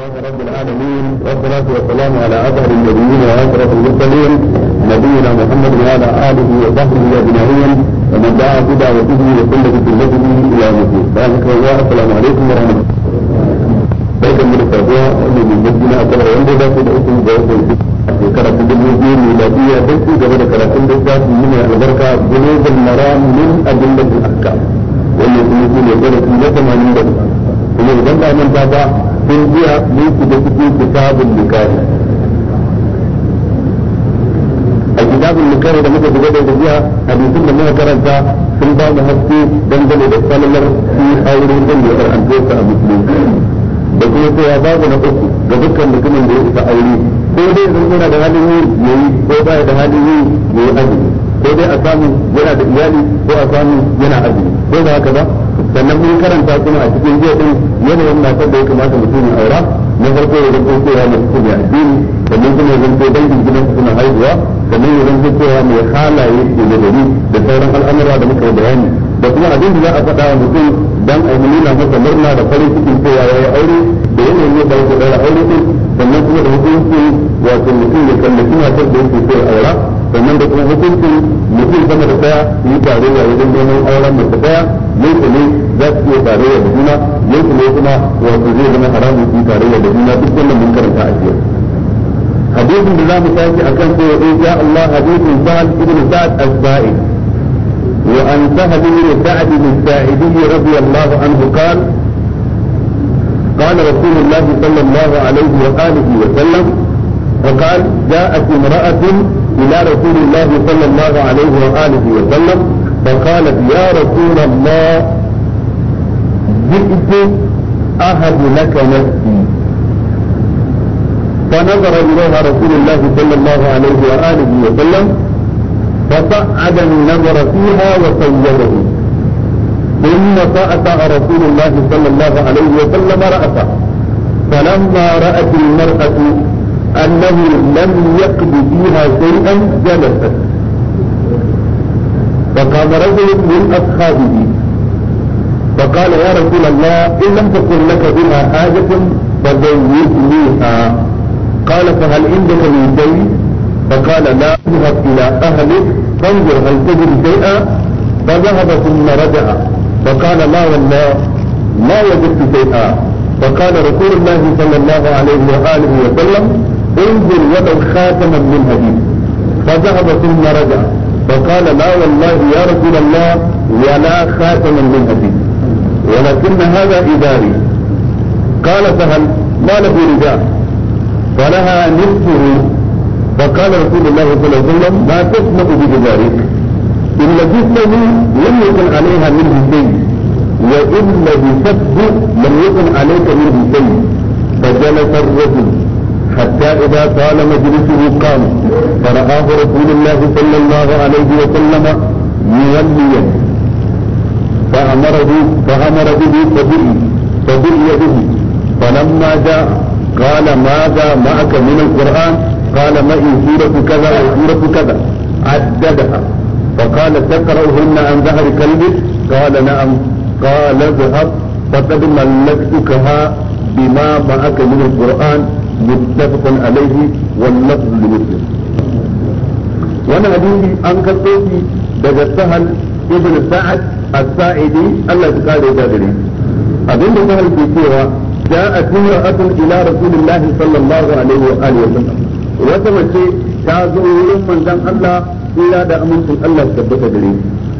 لله رب العالمين والصلاة والسلام على أظهر النبيين وأشرف المرسلين نبينا محمد وعلى آله وصحبه أجمعين ومن دعا بدعوته وسنة سنته إلى يوم الدين. بارك الله السلام عليكم ورحمة الله. barkan mu da sabuwa wanda mai jirgin a kala wanda za su da uku ga wasu a shekara ta dubu biyu mai lafiya don ci gaba da karatun da za su yi mai albarka global maram min adillatul ahkam wannan kuma shi ne darasin na 80 kuma idan ba manta ba mun biya mun shiga cikin kitabun nikahi a kitabun nikahi da muka shiga da biya hadisin da muka karanta sun ba mu haske dangane da sallar shi aure zan yi karanto ta a musulunci da kuma cewa babu na uku ga dukkan mutumin da ya isa aure ko dai zan yana da halin yi yayi ko ba da halin yi yayi azumi ko dai a samu yana da iyali ko a samu yana azumi ko ba haka ba sannan mun karanta kuma a cikin jiya din yanayin matar da ya kamata mutum ya aura na farko ya zanto cewa mai cikin ya addini sannan kuma ya zanto dangin gidan su suna haihuwa sannan ya zanto cewa mai halaye ke da gari da sauran al'amura da muka bayani da kuma abin da za a faɗa wa mutum dan a nuna masa murna da farin cikin cewa ya yi aure da yanayin yadda ya daura aure din sannan kuma da hukunci wato mutum ya kallaci matar da yake so ya aura sannan da kuma hukuncin mutum sama da daya su yi tarayya wajen neman auren mace daya yanke ne za su iya tarayya da juna yanke ne kuma wato zai zama haramun su yi tarayya da juna duk wannan mun karanta a jiya hadisin da za mu tashi akan sai ya ya Allah hadisin Sa'ad ibn Sa'ad as-Sa'id wa an Sa'ad ibn Sa'ad as-Sa'idi radiyallahu anhu qala قال رسول الله صلى الله عليه وآله وسلم فقال جاءت امرأة إلى رسول الله صلى الله عليه وآله وسلم فقالت يا رسول الله جئت أهب لك نفسي فنظر إليها رسول الله صلى الله عليه وآله وسلم فصعد النظر فيها وصوره ثم فأتى رسول الله صلى الله عليه وسلم رأسه فلما رأت المرأة أنه لم يقض فيها شيئا جلست فقام رجل من أصحابه فقال يا رسول الله إن لم تكن لك بها حاجة فزوجنيها قال فهل عندك من شيء فقال لا اذهب إلى أهلك فانظر هل تجد شيئا فذهب ثم رجع فقال لا والله ما وجدت شيئا فقال رسول الله صلى الله عليه وآله وسلم انزل ولو خاتما من حديد فذهب ثم رجع فقال لا والله يا رسول الله ولا خاتما من حديد ولكن هذا اداري قال فهل ما له رجاء فلها نصفه فقال رسول الله صلى الله عليه وسلم ما تسمع بجدارك إن لبثني لم يكن عليها منه شيء وإن لبثته لم يكن عليك منه شيء فجلس الرجل حتى إذا طال مجلسه قام فرآه رسول الله صلى الله عليه وسلم موليا فأمره فأمر به فدعي فدعي به فلما جاء قال ماذا معك من القرآن قال معي سورة كذا وسورة كذا عددها فقال تقرأهن عن ظهر كلبك قال نعم قال اذهب فقد ملكتكها بما معك من القرآن متفق عليه واللفظ لمسلم وانا an ان كتبتي دجا سهل ابن سعد الساعدي الله تقال يجادري abin da sahal ke cewa ja'at imra'atun ila rasulillahi sallallahu alaihi wa alihi wasallam wata mace ta zo wurin manzon Allah ila da amincin Allah tabbata dare.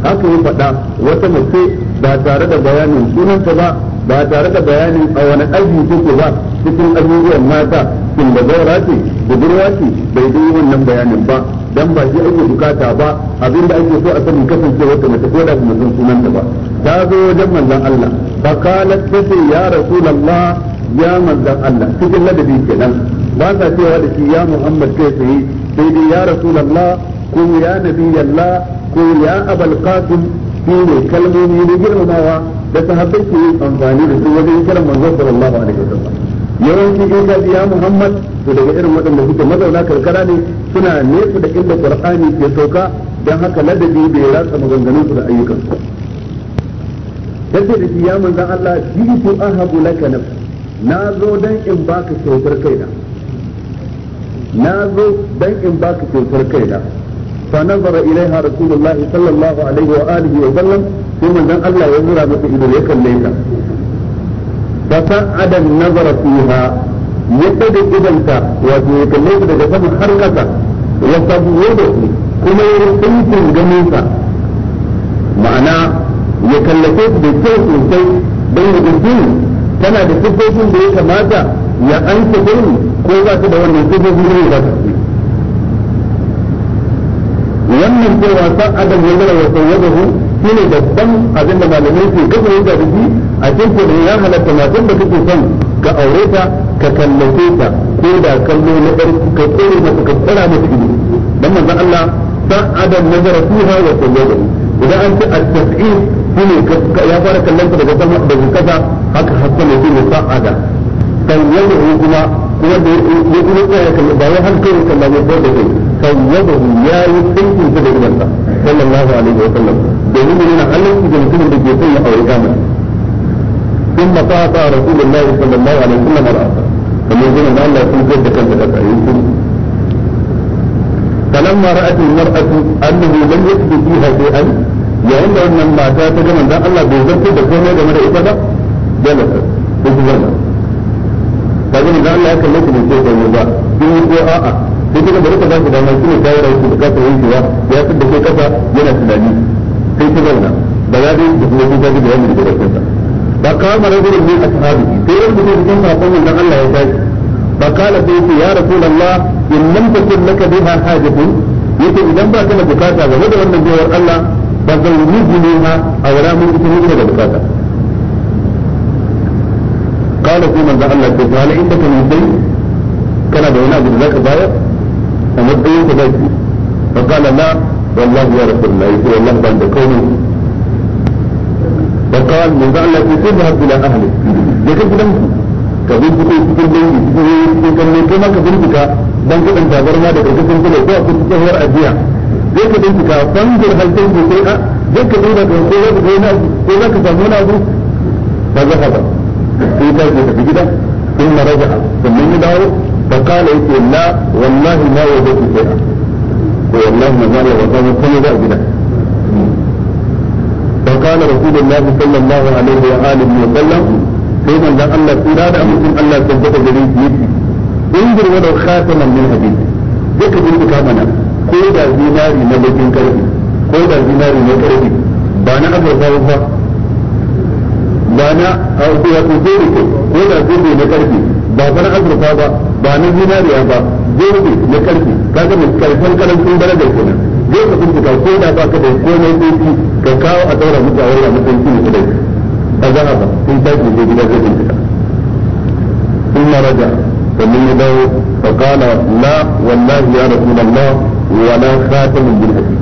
haka ya faɗa wata mace ba tare da bayanin sunanta ba ba tare da bayanin a wani aji take ba cikin abubuwan mata kin da zaura ce budurwa ce bai yi wannan bayanin ba dan ba shi ake bukata ba abin da ake so a sani kasancewar ta mace ko da kuma san sunanta ba ta zo wajen manzon Allah fa qalat tace ya rasulullah ya manzon Allah cikin ladabi kenan ba ta cewa da shi ya Muhammad kai sai sai dai ya rasulullah ko ya nabiyallah ko ya abul qasim shine kalmomi na girmamawa da sahabbai ke yin amfani da su wajen kiran manzon sallallahu alaihi wasallam yawanci in ka ya Muhammad to daga irin waɗanda suke mazauna karkara ne suna nesa da inda Qur'ani ke sauka dan haka ladabi bai ratsa maganganun su da ayyukan su tace da ya manzon Allah jitu ahabu laka naf na zo dan in baka kyautar kaina na zo dan in baka kyautar kaina فنظر إليها رسول الله صلى الله عليه وآله وسلم ثم ذن الله يزرع مثل إذا ليك فسعد النظر فيها يتد إذنك ويكلمك بجسم حركك وصبوده كما يرسيك جميسا معنى يكلفك بكيف سوسي بين الدين كان بسبب da ya kamata ya an ko za su da wannan sifofin da ya wannan cewa san adam ya zara wasan wajahu shi ne babban abin da malamai ke gaba yin da shi a cikin da ya halatta matan da kake son ka aure ta ka kallace ta ko da kallo na ɗan ka tsere masa ka tsara masa ido dan manzon Allah san adam na zara fiha wasan wajahu idan an ce at-tas'id shi ne ya fara kallon ta daga sama daga kasa haka hasan ne shi ne adam san wajahu kuma wanda ya kuma ya kalla ba ya hankali kallon ya da zai سوده يا يسكن في سبيل صلى الله عليه وسلم domin da yana halarci da mutumin da ke sanya aure kamar sun mafata rasulullah sallallahu alaihi wasallam al'asa kamar yana da Allah sun zai da kanta da tsayin sun فلما رأت المرأة أنه لم يجد فيها شيئا yayin da wannan mata ta ga manzon Allah bai zarto da komai game da ita ba jalasa ko kuma ba ga manzon Allah ya kalle ta ne sai ba in ko a'a sai kuma bari ka ba shi dama shine dawo da shi da kasa yankewa ya tsada kai kasa yana tunani sai ta zauna ba za dai da kuma kuka ji bayani daga kansa ba kama rajulun min ashabi sai wani mutum cikin sakon manzon Allah ya tashi ba kala sai yace ya rasulullah in lam takun laka biha hajatun yace idan ba kana bukata game da wannan jawar Allah ba zan yi jiniha a wala mun ita ne da bukata قال في من ذا الله تعالى عندك من شيء كان بينا بذلك باير kamar ɗayan ku zaki fa qala la wallahi ya rasulullah yace wallahi ban da kauni fa qala man zalla fi tadhhab ila ahli ya kai ku. ka bincike cikin dangi cikin cikin kallon kai ma ka bincika dan kudin tabarma da karkashin kula ko a cikin tsohuwar ajiya zai ka bincika bangar halin ku sai a zai ka duba ka ko zaka ga na ko ka samu abu ba ba sai ka gida in maraja sannan ya dawo فقال يقول لا والله ما وجدت شيئا والله ما وجدت كم بلا فقال رسول الله صلى الله عليه وآله وسلم سيدا لا أن تراد أن لا تبقى جريد يدي انظر ولو خاتما من هديك ذكر انت كامنا كودا زيناري مدكين كريم كودا زيناري مدكين بانا أبو فاوفا بانا او أبو فاوفا كودا زيناري مدكين ba na azurfa ba ba na zinariya ba zobe na karfe kaga mai karfin karancin daraja kenan zai ka bincika ko da ba ka da komai tsinci ka kawo a daura mutu a wani mutum shi ne kudai a zaha ba ta tashi zai gida zai bincika sun maraja sannan ya dawo fakala la wallahi ya rasulallah wala khatamin bil hadid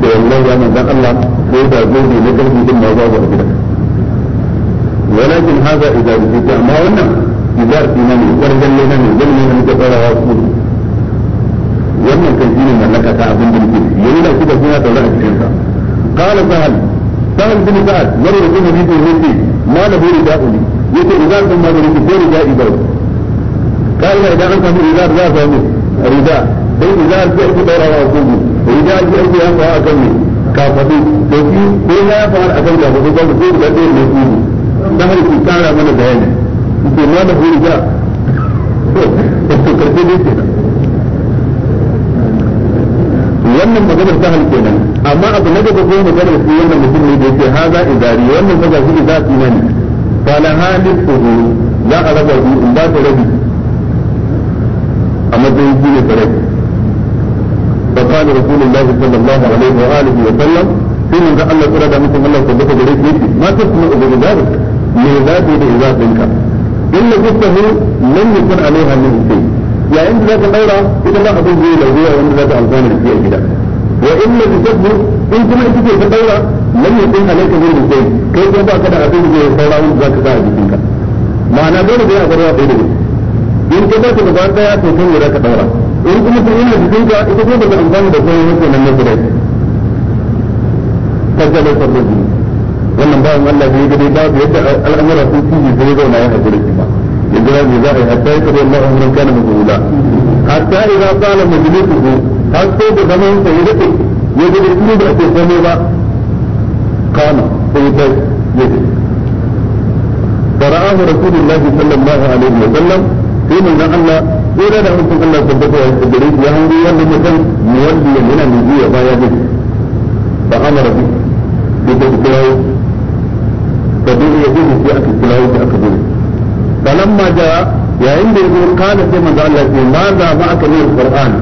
da wallahi ya manzan Allah ko da zobe na karfe din ma babu a gidan ولكن هذا إذا بكيت أما idarci na ne wargan ne na ne zan ne na muke tsarawa su wannan kan shi ne mallaka ta abin da muke shi yanzu da shi da suna tsaura a cikin sa qala sahal sahal bin sa'ad wani da kuma bidiyo ne ce ma la buri da uli yace idan kun ma da ku buri da ibar kaida idan an samu idan za ta mu rida sai idan sai ku tsarawa su rida ji ake yanka a kan ne kafadu to shi ko ya fara akan kafadu ko da ko da ne ku dan har ku kara mana bayani ke ma da hulu ja to karfe ne kenan wannan maganar ta hal kenan amma abu na gaba ko maganar shi wannan mutum ne da yake haza idari wannan maza shi idza imani fala halin fuhu za a raba shi in ba ta rabi a matsayin shi ne farabi فقال رسول الله صلى الله عليه واله وسلم في من الله تعالى مثل الله ثبت بريك ما تسمع بذلك me za ku da za ɗinka إن جثته لم يكن عليها من شيء يعني أنت ذات الأولى إذا ما أظن به لو هي وإن ذات ألفان الشيء كده وإن جثته إن كما تجي في الأولى لم يكن عليك من شيء كيف يبقى كده أظن به صورة وإن ذاك ذاك جسمك معنى دون بها أبرها بيده إن كما تبقى يا تكون وراك دورة إن كما تقول لك جسمك إذا كنت بأنفان بسيطة من الناس فجلس الرجل wannan bawan Allah da ya gani babu yadda al'amura sun fi zai zauna ya hajjira shi ba ya jira ne za a yi hatta ya kaɗa Allah amuran kana mazula hatta ina tsala majalisuhu har sai da zaman sa ya daɗe ya gani shi da ake komai ba kana sai ta ya ce فرآه رسول الله صلى الله عليه وسلم في من الله إلى أن أنتم الله سبحانه وتعالى يهودي أنه مثل مولي من النبي وما يجب فأمر به بتذكره فبين يجوز في أكل كلاوي في أكل فلما جاء يا عند يقول قال كما قال لك ماذا معك من القرآن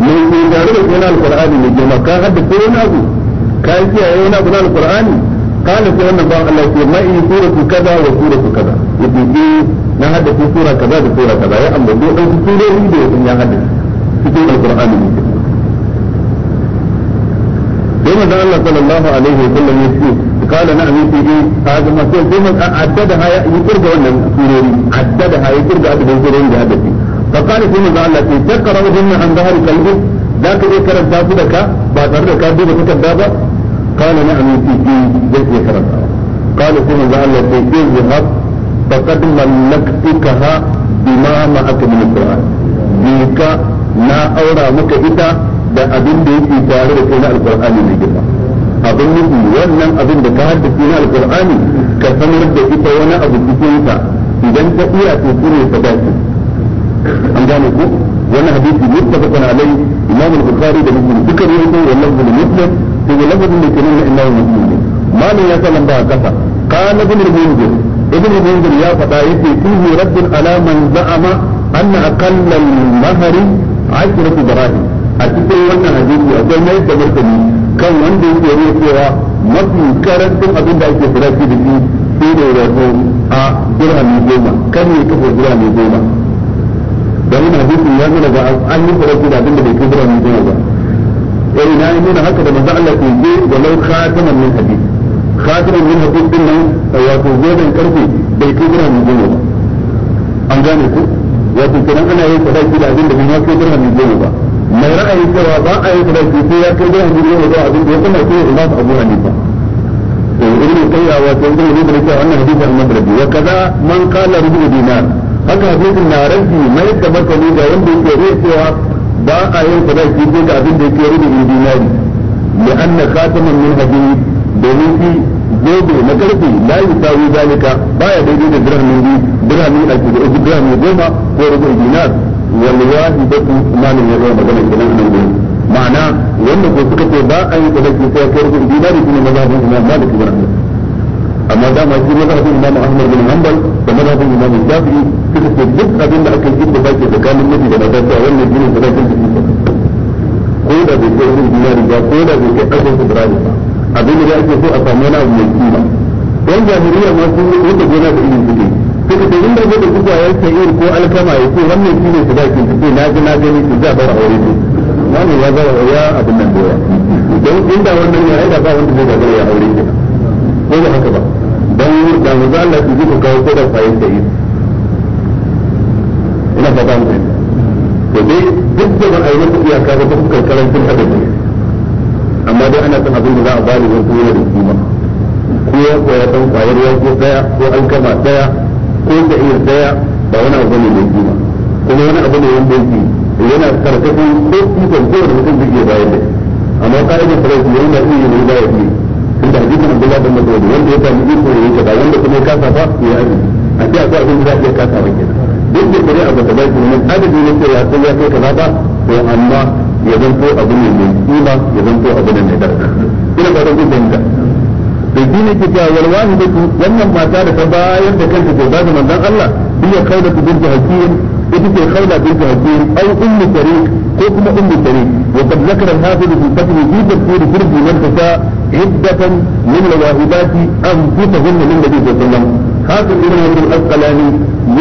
من يدارك من القرآن من جمع كان حد كون أبو كان في هنا أبو القرآن قال في أن الله الله ما إن سورة كذا وسورة كذا يبقى في نهد في سورة كذا وسورة كذا يا أمر دي أو سورة يدي يا هدف في القرآن من جمع لما دعا الله صلى الله عليه وسلم يسير قال نعم يسير هذا إيه؟ ما سير ثم عددها يكرد وانا سوري عددها يكرد عدد السورين بهدفي فقال ثم دعا الله تقرأهن عن ظهر قلبه ذاك إيه يكرد ذاك بعد أن ذلك كان ديبا تكذابا قال نعم يسير جيت إيه؟ يكرد إيه قال ثم دعا الله تيسير ذهب فقد ملكتكها بما معك من القرآن ديك na aura maka da abin da yake tare da kai na alqur'ani mai girma abin nufi wannan abin da ka haddace na alqur'ani ka sanar da ita wani abu cikin ka idan ka iya to kure dace an gane ku wannan hadisi muttafaqun alai imam al-bukhari da muslim duka ne ko wannan da muslim to da lafazin da kenan nuna inna muslim malam ya sallan ba kasa kana ibn al-munzir ibn al-munzir ya fada yake fihi raddun ala man za'ama anna aqallal al-mahri 'ashratu darahim a cikin wannan hadisi akwai mai da martani kan wanda yake riya cewa mafi karantun abin da ake shi da shi sai da wato a dirhami goma kan ne kafa dirhami goma don yana hadisi ya nuna ga an yi shi da abin da bai kai dirhami goma ba yayi eh, na yi nuna haka da maza Allah ke je lau khataman min hadisi khataman min hadisi din nan wato goben karfe bai kai dirhami goma ba an gane ku wato kenan ana yin sadaki da abin da bai kai dirhami goma ba mai ra'ayi cewa ba a yi sadaki sai ya kai dirham biyu da abin da ya kuma sai ya ba abu hanifa to ibnu kayya wa sai ibnu ne da cewa wannan hadisi al-madrabi wa kaza man qala rubu dinar haka hadisin na rabbi mai da makali da wanda yake rai cewa ba a yi sadaki sai da abin da yake rubu dinar li anna khataman min hadid domin shi gobe na karfe la yusawi zalika baya daidai da dirhamin biyu a cikin da goma ko rubu dinar والواحدة ثمانية يوم غدا كمان ma'ana wanda ko suka ce ba a yi sadaki sai kai rukun dinari shine mazhabin Imam Malik ibn Anas amma da ma shi mazhabin Imam Ahmad bin Hanbal da mazhabin Imam Shafi'i suka ce duk abin da aka yi da baki tsakanin miji da mata cewa wannan shine sadakin da shi ko da bai kai rukun dinari ba ko da bai kai ƙarfin kudrani ba abin da ake so a samu wani abu mai kima don jahiliya ma sun yi wanda gona da ilimin suke suka ce inda da ya ce ko alkama ya ce wannan shi ne ce na ji na gani za bar aure wani ya bar ya abin nan da yawa don inda wannan ya aida ba wanda zai aure ko ba haka ba don da mu za Allah ji ku kawo ko da fayin da yi ina fata mu to dai duk da iyaka ba ta fuskar amma dai ana san abin da za a bani wani kuma da ko ya ko daya ko alkama daya ko da iya daya ba wani abu ne mai kima kuma wani abu ne wanda yake yana karkashin ko ikon ko da mutum zai iya bayar da amma ka'idar farauti yana iya yi bayar da tun da hadisin abdullahi bin mas'ud wanda ya samu iko ne yake ba wanda kuma ya kasa ba ya yi a ce akwai abin da za a iya kasa ba kenan duk da kare abu da ba shi nan adadi ne sai ya san ya kai kaza ba to amma ya zanto abu ne mai kima ya zanto abu ne mai daraja ina ba da gudunta الدين كتاب والواحدة لما ما كان فبا يبقى كنت في من دان الله هي خولة بنت هكين إذن في بنت هكين أو أم سريك كوكما أم سريك وقد ذكر الحافظ في الفتن في تفسير فرد من الفتاة عدة من الواحدات أنفسهن من النبي صلى الله عليه وسلم هذا الإمام أبو الأسقلاني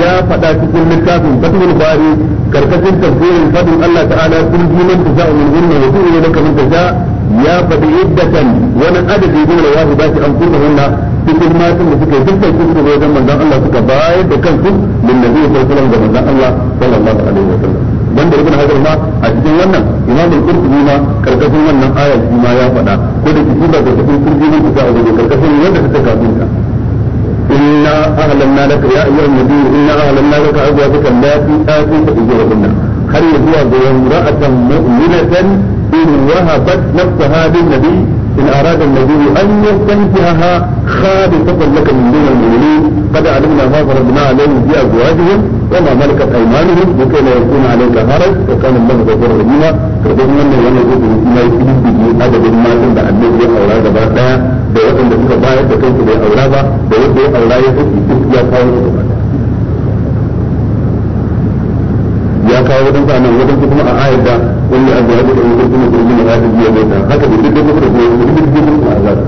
يا فتاة كل مكاف فتن الباري كركسر تفسير الفتن الله تعالى كل من تشاء منهن وكل لك من تشاء ya faɗi iddatan wani adadi ne da wahi dace an kuma hunna cikin matan da suka yi dukkan su suka wajen manzon Allah suka bayar da kansu lin nabi sallallahu alaihi da manzon Allah sallallahu alaihi wasallam banda ibn hajar ma a cikin wannan imam al-qurtubi ma karkashin wannan aya shi ma ya faɗa ko da cikin ba da cikin kurjinin ku ga wajen karkashin wanda take kafin ka inna إنا أعلمنا لك يا أيها النبي إنا أعلمنا لك أزواجك التي آتيت أجورهن هل يزوج ra'atan mu'minatan إن وهبت نفسها للنبي إن أراد النبي أن يستنكحها خالصة لك من دون المؤمنين قد علمنا ما فرضنا عليهم في أزواجهم وما ملكت أيمانهم لكي لا يكون عليك حرج وكان الله غفورا رحيما فبين أن يوم يجب ما يجب به أدب ما عند أولاد بعد ده وأن تلك باية تكون أولادها ده وأن أولاد يحب يسكي أصحابه ya kawo wadansu a nan wadansu kuma a ayar da wanda ya zuwa duka wadansu kuma kuma kuma ayar biya mai ta haka da duk da kuma da kuma da duk da kuma a zaɓi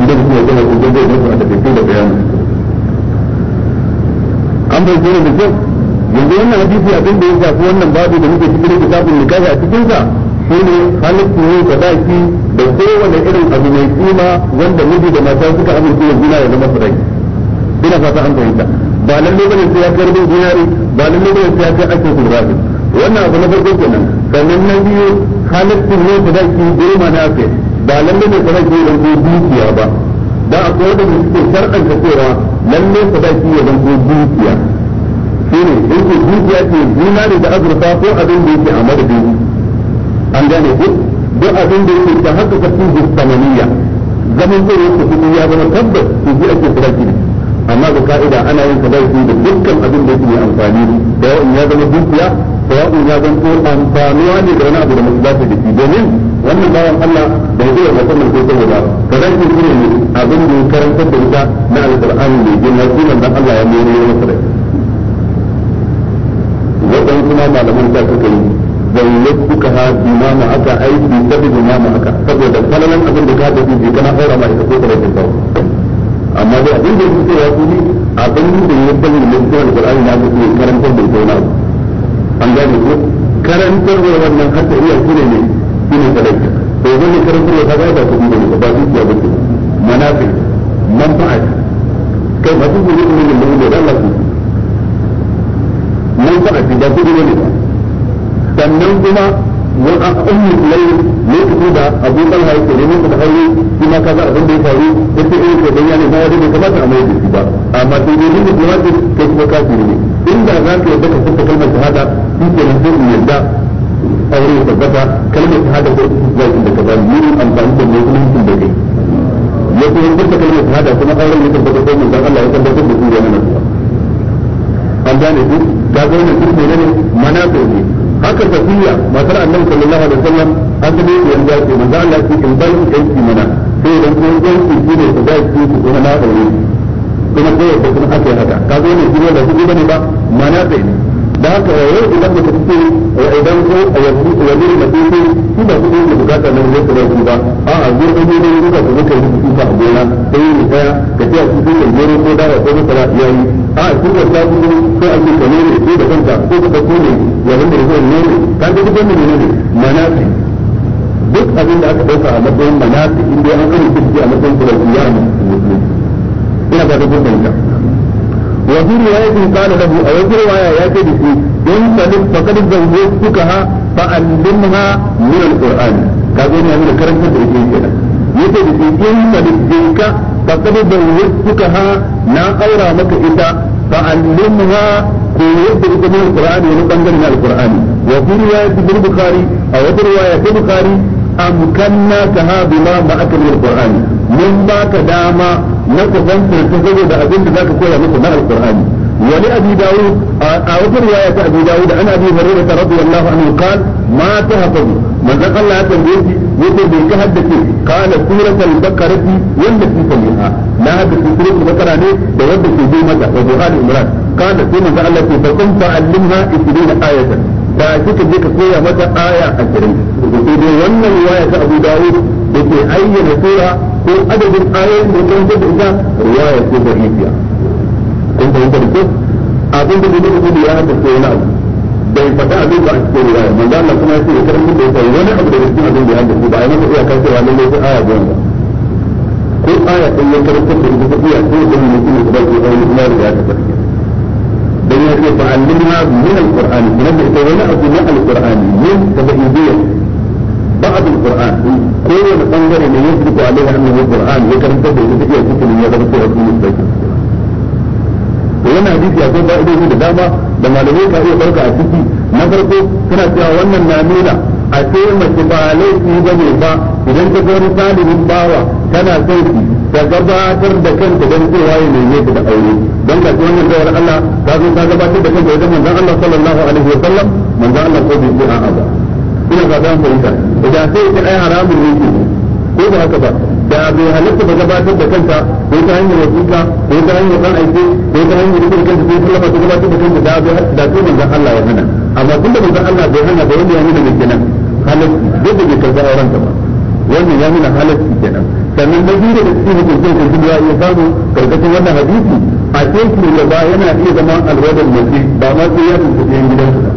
inda kuma ya zama kuma zai mutu a da da an bai da kyau yanzu wannan hadisi abin da ya shafi wannan babu da muke cikin ne nikahi a cikin sa shine halittu ne sadaki da kowane irin abu mai kima wanda miji da mata suka amince da juna ya zama ina fata an fahimta ba lalle bane sai ya kai rubin dinari ba lalle bane sai ya kai ake sun rafi wannan abu na farko kenan sannan na biyu halittin ne da zaki girma na kai ba lalle ne kuma ke zanto dukiya ba da akwai wanda suke sharɗanta cewa lalle sadaki ya zanto dukiya shine yake dukiya ce dinari da azurfa ko abin da yake a madadi an gane ku duk abin da yake ta haka kafin samaniya zaman zai yake kudi ya zama tabbas su ji ake sadaki ne amma ga ka'ida ana yin sadaki da dukkan abin da yake amfani da yawan ya zama dukiya da yawan ya zama amfanuwa ne da wani abu da mutum zata da shi domin wannan bayan Allah da zai yi musamman ko saboda sadaki shi ne abin da ya karantar da ita na alƙur'ani ne gina shi nan da Allah ya mai ne masa da wadan kuma malaman ta suka yi zayyatuka ha bima ma aka aiki sabi bima ma aka saboda kalalan abin da ka da shi kana aura ma ita ko da kake amma dai abin da yake cewa su ne abin da ya tabbata da cikin alqur'ani na ga ne karantar da ita an gane ko karantar da wannan hatta iya shine ne shine sadaka to karantar da kaga ba kudi ne ba su ya bace manafi manfa'a kai ba su ne ne ne da Allah su manfa'a da kudi ne sannan kuma wa a ummu lai lokacin da abu talha yake neman da hauri shi ma kaza abin da ya faru eh, da ta irin kai bayani ma wanda bai kamata a mai da shi ba amma sai dai duk da wanda kai kuma kafiri ne inda za ka yarda ka fita kalmar shahada shi ke nan sai yarda aure ya tabbata kalmar shahada ko zai da kaza ni amfani da mai kuma da kai ya kuma kalmar shahada kuma ya tabbata ko Allah ya da su nan an gane ga ne mana ne haka safiya matar annabi sallallahu alaihi wasallam an ga ne yan zaki manzo Allah ya ce in bai yanki mana sai dan ko yanki shi ne da zaki ku kuma na aure kuma sai da kuma haka haka kazo ne shi ne da shi ne ba mana ne haka ya yanzu da kuma suke ya idan ko a yanzu a yanzu da mace ce shi ba kuma yanzu bukata na yanzu da yanzu ba a a zo ɗan yanzu da kuma suka yi suke ba a gona don yin kaya ka ce a cikin yanzu ne ko da ba sai masara ya yi a a cikin ta kuma ko a cikin kamar ne ko da kanta ko da kanta ne ya zama da kuma ne ka ga duk wani ne ne mana ce duk abin da aka ɗauka a matsayin mana ce in dai an kuma suke a matsayin kuma ya ne ina ba da kuma fahimta. وفي رواية قال له أو في رواية يأتي به ينطلق فقد زوجتكها فألمها من القرآن كابين يعني كرم تدريجين كده يأتي به ينطلق ذلك فقد زوجتكها لا أورى مك إذا فألمها koyar da ita min alqur'ani bangare na alqur'ani wa fi riwayati bil bukhari aw wata riwaya ta bukari amkanna ka ha bima ma'aka min alqur'ani mun baka dama na ku san su saboda abin da ka koya musu na alqur'ani wani li abi daud a wata riwaya ta abi daud an abi hurairah radiyallahu anhu qal ma tahfaz manzon Allah ya tambaye shi yace bai ka haddace qala suratul baqarati wanda fi samiha na haddace suratul baqara ne da wanda ke bi mata wa du'al imran qala sai manzon Allah ya ce fa kun fa'allimha 20 ayatan da kika je ka koya mata aya 20 sai dai wannan riwaya ta abu dawo da ke ayyana sura ko adadin ayoyin da kan da ita riwaya ce da ifiya kun fahimta da kyau abin da kuma kuma ya haka ce wani abu bai faɗa abin ba a cikin riwaya manzo Allah kuma ya ce ya karanta da ita wani abu da cikin abin da ya haka ba a yi masa iyakar cewa lallai sai aya goma ba ko aya ɗin ya karanta da ita iya ko da mutum da ba ke aure kuma da ya haka sarki dan ya ce fa'allimna min al-qur'ani kuma da ita wani abu na al-qur'ani min tabi'iyya بعد القران كل بنظر انه يثبت عليه انه القران يكرم تبع يتكي يتكي من يدر في رسول الله وانا حديث يا سيد بائده هو دابا لما لم يكا ايه بركة عسيكي نفرقه كنا تعوانا النامينة أسيما سبا عليك إذا نبا إذا انت قولي سالي من باوا كنا سيدي تقضى عشر دكان تقضي في هاي من يد الأولي بانك تعوانا دور الله تعوانا تعوانا دكان تقضي من ذا الله صلى الله عليه وسلم من ذا الله صلى الله عليه وسلم إذا قضاهم بإنسان da sai ta ai haramun ne ko ba haka ba da bai halatta ba gabatar da kanta ko ta hanyar wasiƙa ko ta hanyar ɗan aiki ko ta hanyar rikin kanta ko tallafa ta gabatar da kanta da bai da sai manzon Allah ya hana amma tunda manzon Allah bai hana ba wanda ya nuna mai kenan halatti duk da bai karɓi auren ta ba wannan ya nuna halatti kenan sannan na biyu da cikin hukuncin kan duniya ya samu karkashin wannan hadisi a cikin gaba yana iya zama alwadar mutum ba ma sai ya tuntuɓe gidansu ba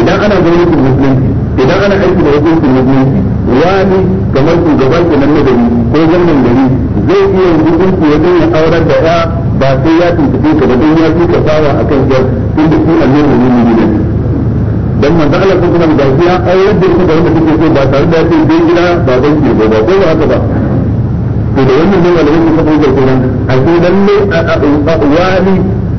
idan ana gwamnatin musulunci idan ana aiki da hukuncin musulunci wani kamar shugaban kenan na gari ko gwamnan gari zai iya hukunci ya ya aurar da ya ba sai ya tuntuɓe ka ba don ya fi ka sawa a kan yar tun da shi annabi ne nuna ne don manzo Allah sun kuma da shi ya aurar da ita da wanda suke so ba tare da ya ce dai gida ba ban ke ba ko ba haka ba to da wannan ne malamin kafa fahimta kenan a sai dan ne a wani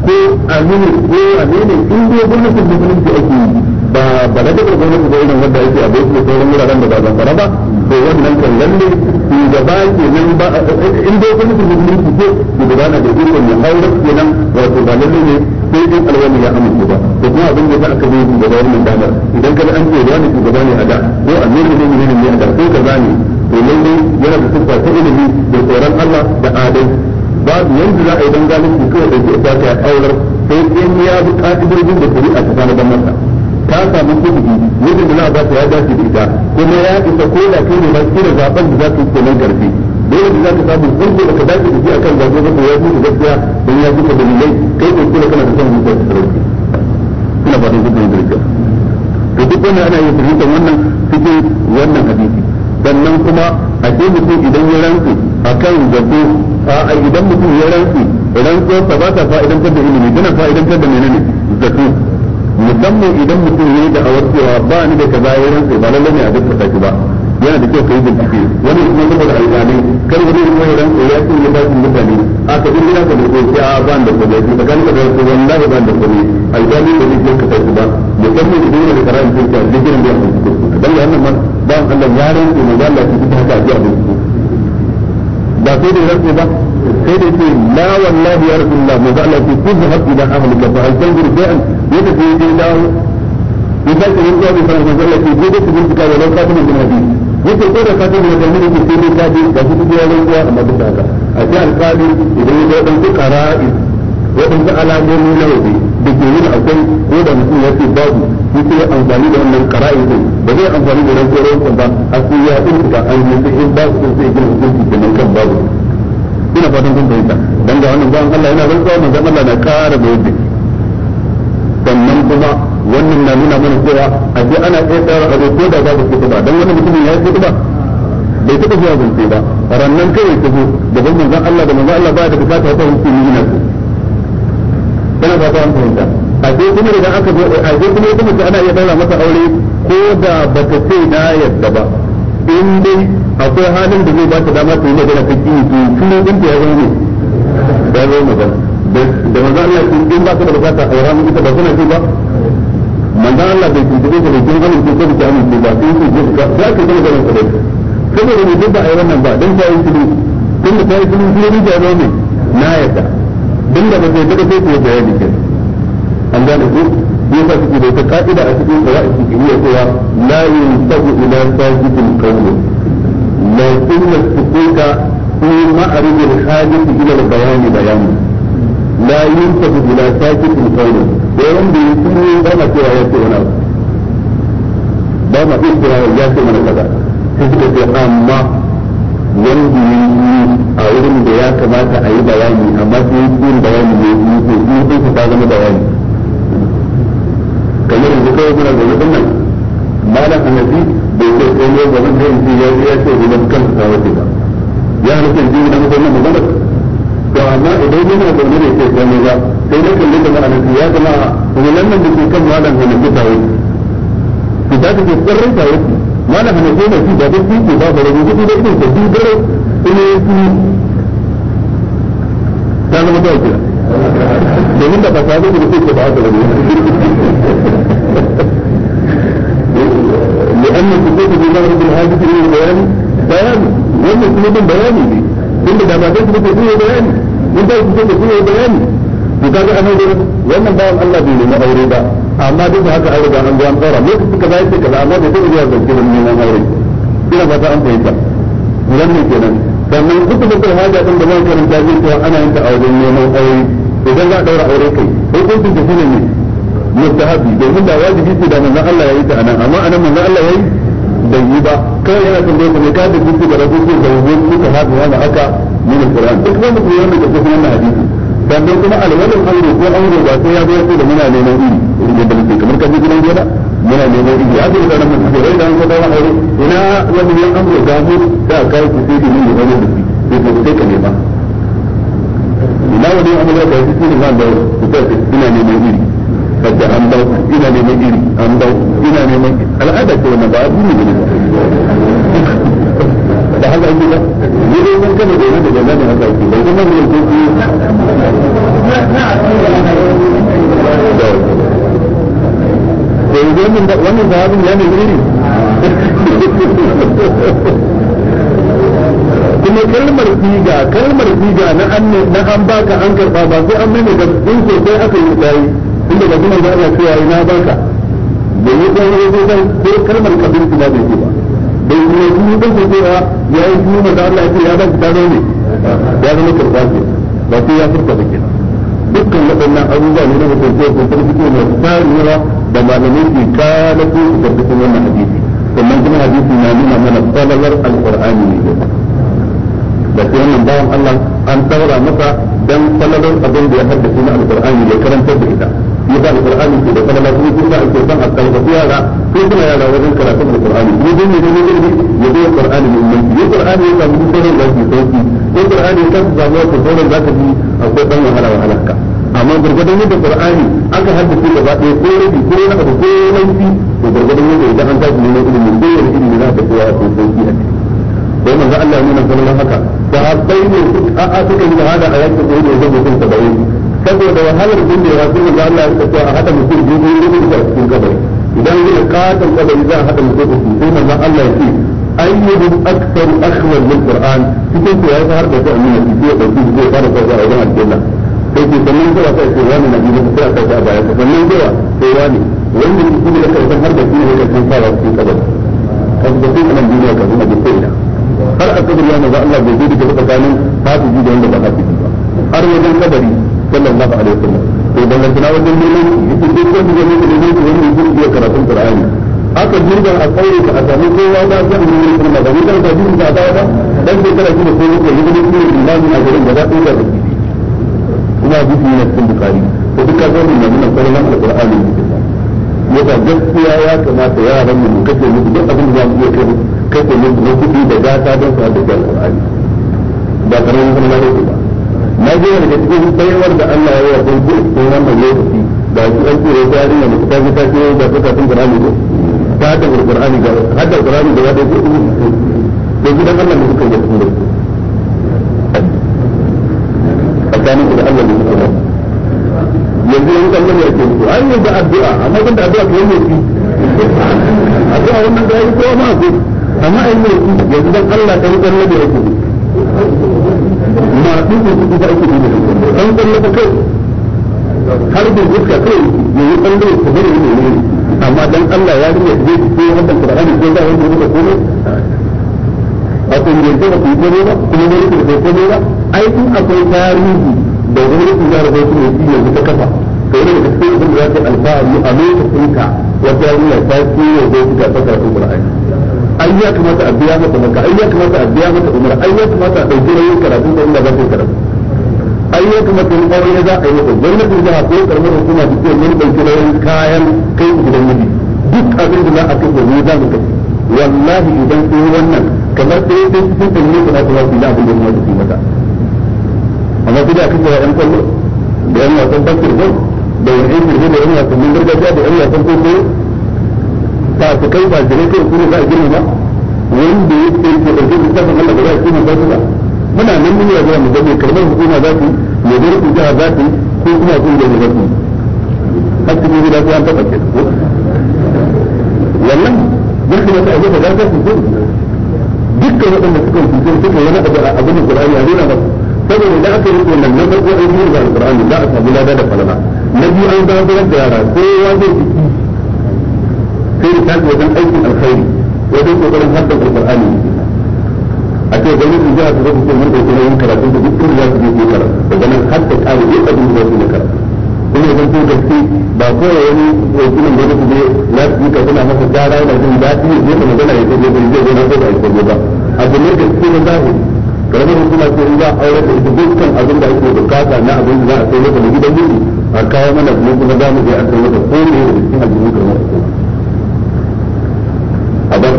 ko amini ko amini in dai gwamnatin musulunci ake yi ba ba da duk gwamnati da irin wanda yake a bai da sauran wuraren da ba zamfara ba to wannan kan lalle ba ke nan ba in dai gwamnati da mulki ce shugaba na da ikon ya haura kenan wato ba lalle ne sai in alwani ya amince ba to kuma abin da aka bai shugaba wannan damar idan ka an ce wani shugaba ne a da ko annabi ne ne ne a da ko kaza ne to lalle yana da sifa ta ilimi da tsoron Allah da adai babu yanzu za a yi dan zalunci kawai da ke ta ya aurar sai in ya bi ka'idojin da shari'a a tanadar masa ta samu kuɗi wajen da za a ba ta ya dace da ita kuma ya isa ko da kai ne ba kira zaben da za ka yi kenan karfi dole da za ka samu kurko da ka dace da shi akan zaɓe ba ya fi gaskiya don ya duka dalilai kai ko kira kana da son zuciya ta sarauki ina fatan kuɗi da gaskiya to duk wanda ana yin fahimtar wannan cikin wannan hadisi sannan kuma a ce mutum idan ya rantsi akan zato a idan mutum ya rantsi rantsuwarsa ba ta fa'idantar da ilimi tana fa'idantar da menene zato musamman idan mutum yi da awar cewa ba ni da kaza ya rantsa ba lallai ne a duk ta ba yana da kyau ka yi bincike wani kuma da alƙalai kar wani kuma ya rantsa ya ce ya ba mutane a ka dinga ka da a ba ni da kaza shi da kanka da wani wallahi ba ni da kaza alƙalai ba zai ka ta ba musamman idan yana da karan ya ka dinga da su dan ya man ba Allah ya rantsa ne ba Allah ya fita a ji abin ba sai da rantsa ba sai da ce la wallahi ya rasulullah mu zalla ce kun zama idan ahlika fa an tanzur shay'an yadda sai ya dawo ya sake yin zuwa bai sanar manzo Allah ce ko da su bincika walau katimin bin hadisi yake ko da katimin bin hadisi ke sai dai kafi da su kuma yawan zuwa amma duk haka a ce alƙali idan ya zo dan su qara'i waɗansu alamomi na waje da ke yin akwai ko da mutum ya ce babu shi ke amfani da wannan qara'i din ba zai amfani da rantsuwar ba a sai ya tsinka an yi sai in babu sai gina hukunci kenan kan babu ina fatan kun fahimta dan ga wannan bayan Allah yana rantsuwa mun manzon Allah na kara mai yadda sannan kuma wannan na nuna mana cewa a je ana iya tsara a ko da babu ba dan wannan mutumin ya yi ba bai taɓa zuwa zance ba rannan kawai ta zo daban manzon Allah da manzon Allah ba da bukata ta wuce ni ina so kana fata an fahimta a je kuma idan aka zo a je kuma ita mace ana iya daura masa aure ko da baka ce na yadda ba in dai akwai halin da zai ba ta dama ta yi magana ta kiyi yi shiru din da ya zama ne ya zama magana da manzo Allah kin ba ka da bukata a ranar ita ba suna ce ba manzo Allah bai tuntube ka da kin amince ko ba ta amince ba sai ku ka za ka gina gaban ka dai ta ne ba a ta wannan ba dan ta yi ta tun da ta yi shiru shiru ta zama ne na ta din da ba ta ta ta ku ta bayani ke an gane ku ta suke da ta ka'ida a cikin qira'atul qiyya cewa la yuntabu ila sajidil qawmi لو ان السكوت في معرض الحاجة إلى البيان بيان لا ينسب إلى ساكت قوله ويوم بيسمي بما في آيات هنا بما في آيات من كذا تجد أما wanda ya yi a wurin da ya kamata a yi bayani amma sai ya yi bayani da ya yi to shi sai ka ta zama bayani kamar yanzu kawai muna zaune din nan malam annabi bai kai ba nan kai ya yi ya ce ne kan ka wace ba ya ne kan jini nan gwamnati ba to amma idan yana da ne ke kan ba sai da kan da nan ya zama ne nan nan da ke kan malam hanin ta yi ki da ke tsarin ta yi malam hanin ne shi da duk ki ba bare ne duk da ke duk dare ne ki ta zama ta kira domin da ba ta zama ne ke ba ta ne وأن الدخول في الله بالهادف هو بيان بيان وأن السنود بيان كل ده ما تثبت فيه بيان وأنت تثبت فيه بيان وكذا أنا وأن بيان الله دي ما أوريده amma duk da haka an riga an an tsara lokaci kaza yake kaza amma da sai zuwa zance da neman aure ina fata an fahimta idan ne kenan sannan duk da haja din da zan karanta zai cewa ana yin ta a wajen neman aure idan za daura aure kai hukuncin mustahabi domin da wajibi ce da manzon Allah yayi ta anan amma anan manzon Allah yayi bai yi ba kai yana tambaye ka ne ka da kuce da rabu ce da wajen mustahabi wanda haka min Qur'an duk wanda ke yana da kuma na hadisi sannan kuma alwalin amru ko amru ba sai ya zo yace da muna neman iri da dalilin kamar ka ji gidan gida muna neman iri ya zo da nan mutum sai da an ko da aure ina wani ya amru da mu da kai ku sai da mun da wani da sai sai ka nema ina wani amru ga sai da mun da ku sai ina neman iri kace an dau ina neman iri an dau ina neman al'ada ce wannan ba a duni ne da haka an gida ni ne mun kana da da janna ne haka ki bai kuma ne ko ki da wannan da wannan da abin ya ne iri kuma kalmar siga kalmar siga na an na an baka an karba ba sai an mai da in sosai aka yi tsayi inda ga kuma Allah cewa ina baka da ne da ne da kan ko kalmar kafir ba da ke ba da ne ne da ne cewa ya yi kuma da Allah ce ya baka da ne ya zama karba ce ba sai ya furta ba kenan dukkan waɗannan abubuwa ne da mutum ko ko sarki ne da tsariwa da malamai ke kana ko da cikin wannan hadisi sannan kuma hadisi na nuna mana falalar alqur'ani ne da sai wannan bawan Allah an daura masa dan falalar abin da ya haddace na alqur'ani ya karantar da ita ya da alqur'ani ke da kalma kuma kun ake son akan ga yara ko kuma yara wajen karatun alqur'ani kuma din ne ne ne ya da alqur'ani ne ne ya alqur'ani ya samu sauran da ke sauki ko alqur'ani ya samu wata sauran da ta bi akwai dan wahala wahala ka amma gurgurdan yadda qur'ani aka haddace gaba ɗaya ko rabi ko na abu ko laifi to gurgurdan yadda idan an tashi neman ilimi ko yana ilimi za ta koya a sauki a ciki manzo Allah ya nuna sallallahu haka da abai ne a suka yi da hada a yakin da yake zama kun tabayi saboda wahalar bindewa sai ga Allah ya ce a hada mutum biyu biyu biyu da cikin kabari idan zai katon kabari za a hada mutum uku sai manzon Allah ya ce ayyuhum akthar akhwan lil qur'an cikin ku ya yi har da ta amina ki cikin ya dauki zai fara da a wajen aljanna sai ce sanin zuwa sai ce wani na biyu sai a sauka a baya sannan zuwa sai wani wanda shi ne karshen har da shi ne karshen fara cikin kabari kan da kuma nan duniya kan da ko ina har a kabari ya manzon Allah bai da zai daga tsakanin ji da wanda ba hafizi ba har wajen kabari sallallahu alaihi wasallam to dangantana wajen neman yake duk wanda zai mutu neman shi wanda yake iya karatun qur'ani aka jirga a tsaye ka a samu kowa ba ta mu ne kuma da da jin da ta ba dan sai kana kuma ko ne yake ne imani a garin gaba ɗaya da kuma hadisi ne cikin bukari to duk ka gani na nuna sallallahu alaihi wasallam yasa gaskiya ya kamata yaran mu kace musu duk abin da mu iya kai kace musu na kuɗi da gata don su da alƙur'ani ba karamin sallallahu alaihi wasallam na je ne da cikin bayyanar da Allah ya yi a kwanci a cikin wannan lokaci da shi an tsoro ta yi mai kitabi ta ce da ta kafin da rami da ta hada gurgurani da hada gurgurani da wata ce ɗin da gidan Allah da suka yi a cikin da tsakanin da Allah da suka yi yanzu yanzu Allah ya ce su an yi da addu'a amma kun Dia addu'a ke yi ne fi addu'a wannan da ya yi kowa ma a fi amma a yi ne fi yanzu dan Allah da ya ma duk da da ake yi an kallo ka kai har da zuciya kai ya yi kallo ka bari yi ne amma dan Allah ya rinya zai ko hakan da hadin ko da wani yake ko a kun yi da ku ko ba kuma ne ku ko ba ai kun akwai tarihi da gwamnati ta rabu su ne yanzu ta kafa to ne da cikin da za alfahari a lokacin ka wata yarinya ta ce ne zai ta kafa ta ai ya kamata a biya mata maka ai ya kamata a biya mata umar ai ya kamata a dauki nauyin karatu da inda za ta karatu ai ya kamata in aure za a yi mata gwamnatin jiha ko karamar hukuma duk mun dauki nauyin kayan kai gidan miji duk abin da za a kai gobe za mu kai wallahi idan sai wannan kamar sai sai cikin dalilin da za su yi abin da mu mata amma sai da kake yan kallo da yan wasan basketball da yan da yan wasan gargajiya da yan wasan kokoro ba su kai ba su kai su ne za a girma ba wanda ya ce ke ɗauke da tafin Allah ba za a kima ba su ba muna nan mun yi mu gani karɓar hukuma za su yi mai da jiha za su ko kuma kun da za su yi har su gida ko an taɓa ke wannan da za ta fi dukkan waɗanda suka suka da Qur'ani a nuna ba saboda idan aka yi wannan na farko an yi da Qur'ani za a samu lada da falala na biyu an zama da yara kowa zai fi الإنسان وجن أيضا الخير وجن وجن حتى القرآن أكيد جميع الجهة تقول في المنطقة كما ينكر أكيد جميع كل جهة في المنطقة وجن حتى الآن إيه قدوم جهة في المنطقة إنه جن في المنطقة باقوة يعني وجن من جهة في لا تنكر جنة حتى الجارة لا جن باقي جهة من جنة يجب أن يجب أن يجب أن يجب أن يجب أن يجب أن يجب kamar da kuma ke riga a wurin da dukkan abin da ake bukata na abin da za a sai maka da gidan gidi a kawo mana kuma kuma za mu je a sai maka ko ne da cikin abin da kuma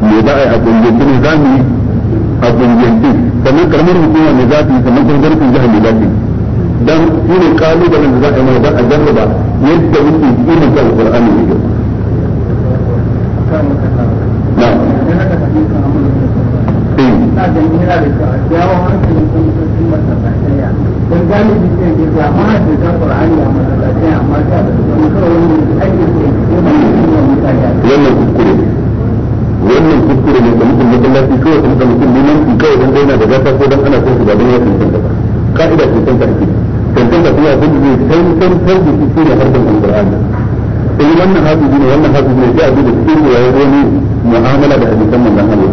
me za a yi a kungiyance ne za mu yi a kungiyance sannan karamar hukuma ne za ta yi sannan kuma gwamnatin jihar ne za ta yi dan shi ne kalubalen da za a yi mana za a jarraba yadda muke ilimin kan alƙur'ani ne na don galibi sai ke ba ma da ta Qur'ani a masallaci amma ta da wani kawai ake so ya mutane wannan kuskure wannan kuskure ne da mutum masallaci kawai kuma da mutum limanci kawai dan daina da gata ko dan ana son ba dan ya cancanta ba ka'ida ce cancanta ake cancanta kuma abin da zai cancantar da shi shine harkar alqur'ani sai wannan hafizi ne wannan hafizi ne sai a duba cikin riwayar wani mu'amala da hadisan manzon Allah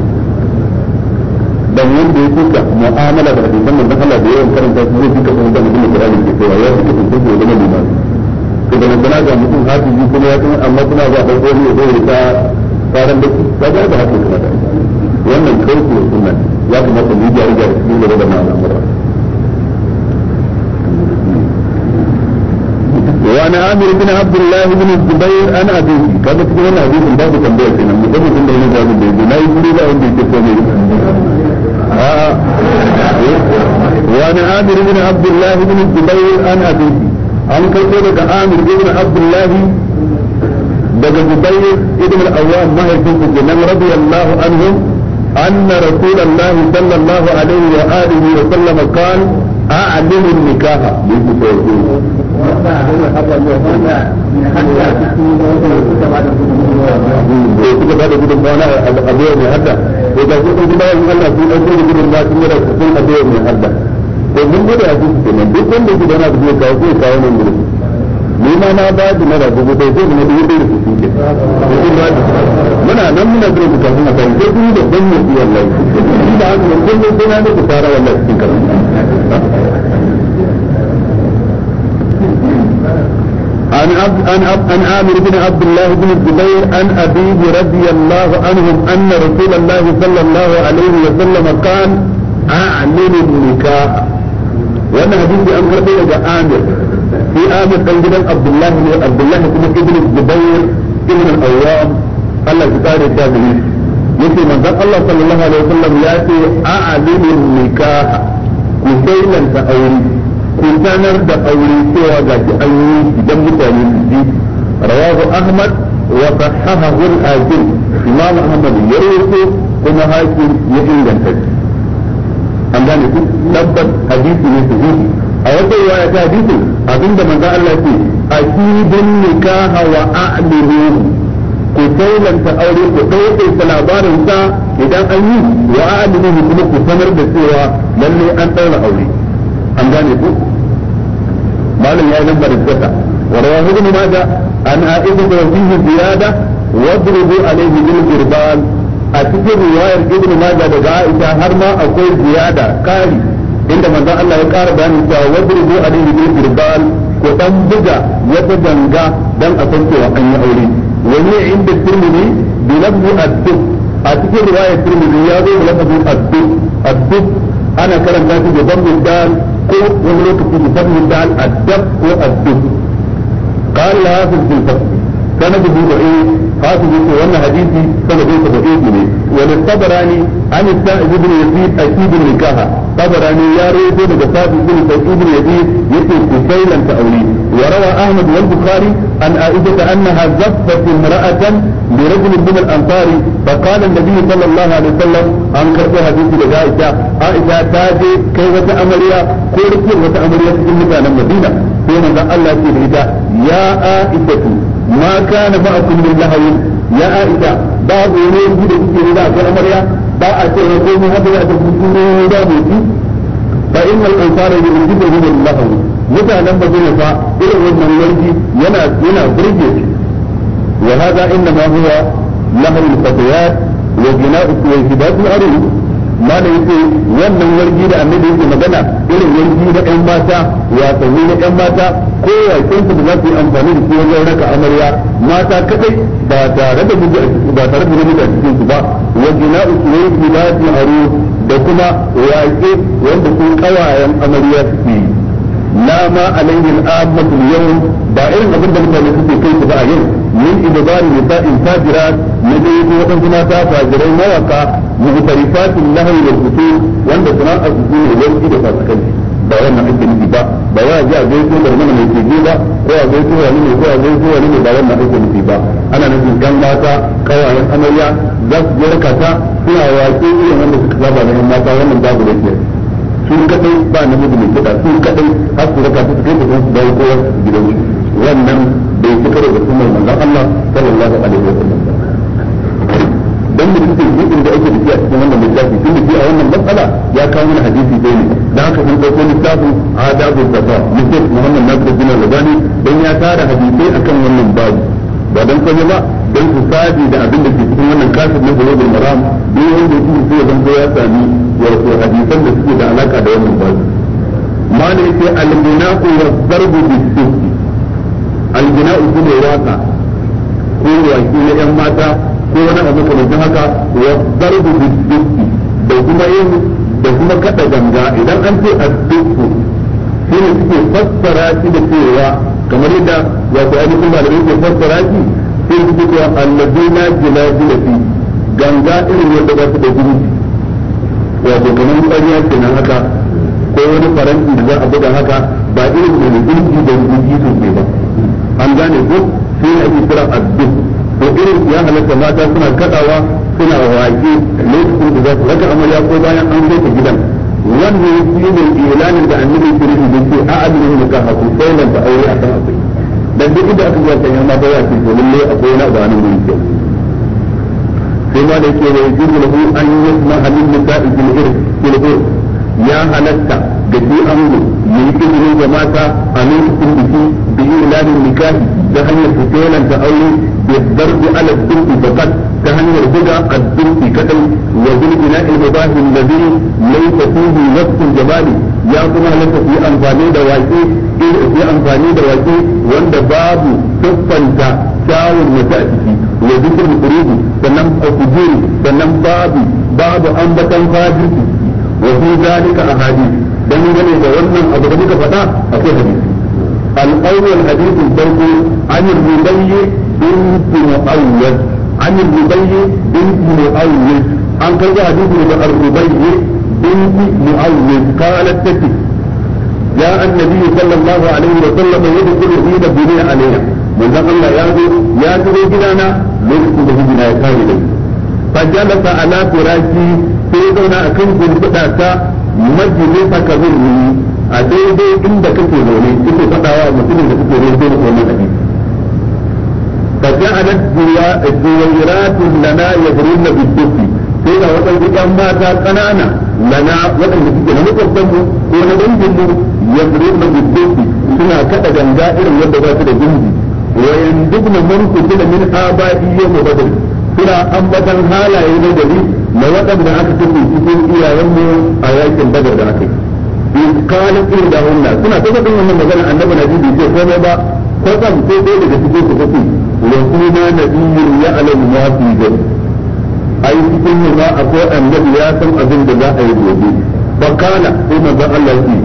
dan wanda ya tuka mu'amala da hadisan manzon Allah da yawan karanta su zai tuka kuma da mutum ke cewa ya tuka kuma da wani limanci to da nan ga mutum hafizi kuma ya san amma kuma ba da wani ya zai ta وانا da ba za da haka kuma wannan ya cikin gaba da وعن عامر بن عبد الله بن الزبير انا ابي كما تقول انا ابيه من باب التنبيه كنا من باب التنبيه من باب التنبيه لا يقول لا عندي كتابي آه. وعن عامر بن عبد الله بن الزبير انا ابيه عن لك عامر بن عبد الله daga Zubair ibn al-Awwam mahaifinsa kenan radiyallahu anhu أن رسول الله صلى الله عليه وآله وسلم قال أعلم النكاح ko mun gudu a cikin duk wanda gudu na gudu kawo kawo nan gudu ni ma na ba da mara gobe bai zai na dubu da su ke muna nan muna da rubuta suna kai sai kuma da ban mu wallahi ni da haka mun gobe sai na da fara wallahi cikin karatu عن عبد عن عبد عن عامر بن عبد الله بن الزبير عن أبيه رضي الله عنهم أن رسول الله صلى الله عليه وسلم قال أعلن النكاح وأنا حديثي أنكر بلد عامر في آمد بن جبل عبد الله بن عبد الله بن ابن الزبير ابن الأوام الله تعالى كاذبين يسي من ذات الله صلى الله عليه وسلم يأتي أعلم النكاح كتيلا تأوري كتانا تأوري سوى ذات أوري جنب تأوري رواه أحمد وصححه الآجل إمام أحمد يروسه كما هاي في يهين جنبك أمداني تبت حديث يسيه a wata ya ta hadisi abinda manzo Allah ce aqidun nikaha wa a'limuhu ku sailanta aure ku ɗauke labarin sa idan an yi wa a'limuhu kuma ku sanar da cewa lalle an daura aure an gane ku malam ya yi lambar zata wa rawahu ibn majah an a'idu da fihi ziyada wa wadrubu alayhi bil qurban a cikin riwayar ibn majah daga Aisha har ma akwai ziyada kari inda manzon Allah ya ƙara bayanin cewa a alaihi bil birbal ko dan buga wata danga dan a san cewa an yi aure wani inda tirmidhi bi lafzi addub a cikin riwayar tirmidhi ya zo da lafazin addub addub ana karanta shi da dammul dal ko wani lokaci da dammul dal ad ko addub dub قال الحافظ سند ابو بعيد قاتل يقول وانا حديثي سند ابو بعيد مني ولي عن السائد بن يزيد اكيد من الكهة صبراني يا ريبو لقصاد ابن سيد ابن يزيد يقول كسيلا تأولي وروى احمد والبخاري عن عائدة انها زفت امرأة لرجل من الانصار فقال النبي صلى الله عليه وسلم عن كرتها حديث لجائشة عائشة تاجي كيف تأمريا كورتي وتأمريا في المدينة فيما ذا الله في الهداء يا عائشة ma na ba kun min lahayi ya aisha ba ku ne ku da kuke da akwai amarya ba a ce ko a hada ya da kuku ne da mu ci fa innal ansara yujibu min lahayi mutanen bazina fa irin wannan warki yana yana burge shi wa hada inma huwa lahayi fatiyat wa jina'u wa hibatu al-arid malam yake wannan wargi da annabi yake magana irin wargi na ɗan mata ya na ɗan mata ko ya kinsu da za su yi amfani da su wajen raka amarya mata kadai ba tare da miji ba tare da miji a cikin su ba wa su sulayfi su aro da kuma waƙe wanda sun kawayen amarya suke ke na ma alayhi al-ammatu yawm ba irin abin da mutane suke kai su ba a yau min idbari nisa'in fajirat na dai ko wadan kuma ta fajirai mawaka mutarifatin lahwi wal fusul wanda a su ne wani da fasikanci ba wannan ake nufi ba ba ya ji a gaito da mana mai teje ba ko a gaito wani ne ko a gaito wani ne ba wannan ake nufi ba ana nufin kan mata kawayen amarya za su je rakata suna waƙe irin wanda suka saba da yan mata wannan babu da ke su kadai ba namiji mai kiɗa su kadai har su raka su kai su dawo kowa gidan su wannan bai fitar da sunan manzon Allah sallallahu alaihi wasallam dan da cikin jikin da ake da a cikin wannan littafi tun da a wannan matsala ya kawo mana hadisi dai ne da haka kun dauko littafin adabu zaka mutum Muhammad Nasir bin Rabani dan ya tara hadisi akan wannan babu ba dan komai ba dan su sadi da abin da ke cikin wannan kafir na Bulugul Maram duk wanda yake so zan ga ya sami wato hadisan da suke da alaka da wannan babu malai sai al-munaqu wa darbu bis sufi albina'u su ne waka ko waki na yan mata ko wani abu kamar haka wa zarbu bidduki da kuma yin da kuma kada ganga idan an ce adduku shi ne suke fassara shi da cewa kamar yadda wato ainihin malamai ke fassara shi sai suke cewa alladina da fi ganga irin yadda ba su da zumunci wato kamar ƙarya kenan haka ko wani faranti da za a buga haka ba irin mai gudu da zumunci sosai ba an gane duk shi ne ake kira addu to irin ya halatta mata suna kadawa suna waje lokacin da za su raka amarya ko bayan an zo ta gidan wannan shi ne ilanin da annabi kiri da ke a adalin da ka haku sai nan da aure a kan akwai dan duk inda aka zuwa kan ba ya ce domin ne akwai wani abu a nan wurin kyau sai ma da ke da yajibu lahu an yasma halin nisa'i fil irq ya halatta da shi ango mu yi izinin ga mata a lokacin biki da yi ilanin nikahi ta hanyar su fitolan aure da darbi ala dinki fakat ta hanyar buga a dinki kadai wa bil ina'il mubahin ladhi laysa fihi nafsun jamali ya kuma halatta su yi amfani da waƙe su eh, yi amfani da waƙe wanda babu siffanta kyawun mace a ciki wa dukkan kurubi sannan kujeru kujeri sannan babu babu ambatan fajirki wa fi zalika ahadith dan gane da wannan abu da muka faɗa akwai hadisi al-awwal hadith al-farqu an al-mubayyi bint mu'awwad an al-mubayyi bint mu'awwad an karɓi hadithu da al-mubayyi bint mu'awwad qalat tati جاء النبي صلى الله عليه وسلم يدخل حين بني علينا من ذا الله يأتي da جنانا ya به بنا fa jalasa ala فراشي sai zauna akan kan ta majalisa ka zai a daidai inda kake zaune kake faɗawa mutumin da kake zaune da kuma tafi فجعلت جويرات لنا يضربن بالدف sai ga waɗansu ‘yan mata ƙanana lana waɗanda suke na makwabtanmu ko na danginmu ya zuru na bubbuki suna kaɗa ganga irin yadda ba su da gindi wayan duk na murku da min aba'i yau mabadar suna ambatan halaye na gari na waɗanda aka tafi cikin iyayenmu a yakin badar da aka yi in kana irin da hunna suna ta faɗin wannan magana annabi na ji bai komai ba kan ko dai daga cikin su kafi wa kuma na ya alamu ma fi gari ai cikin mu ma akwai annabi ya san abin da za a yi gobe fa kana sai manzon Allah ya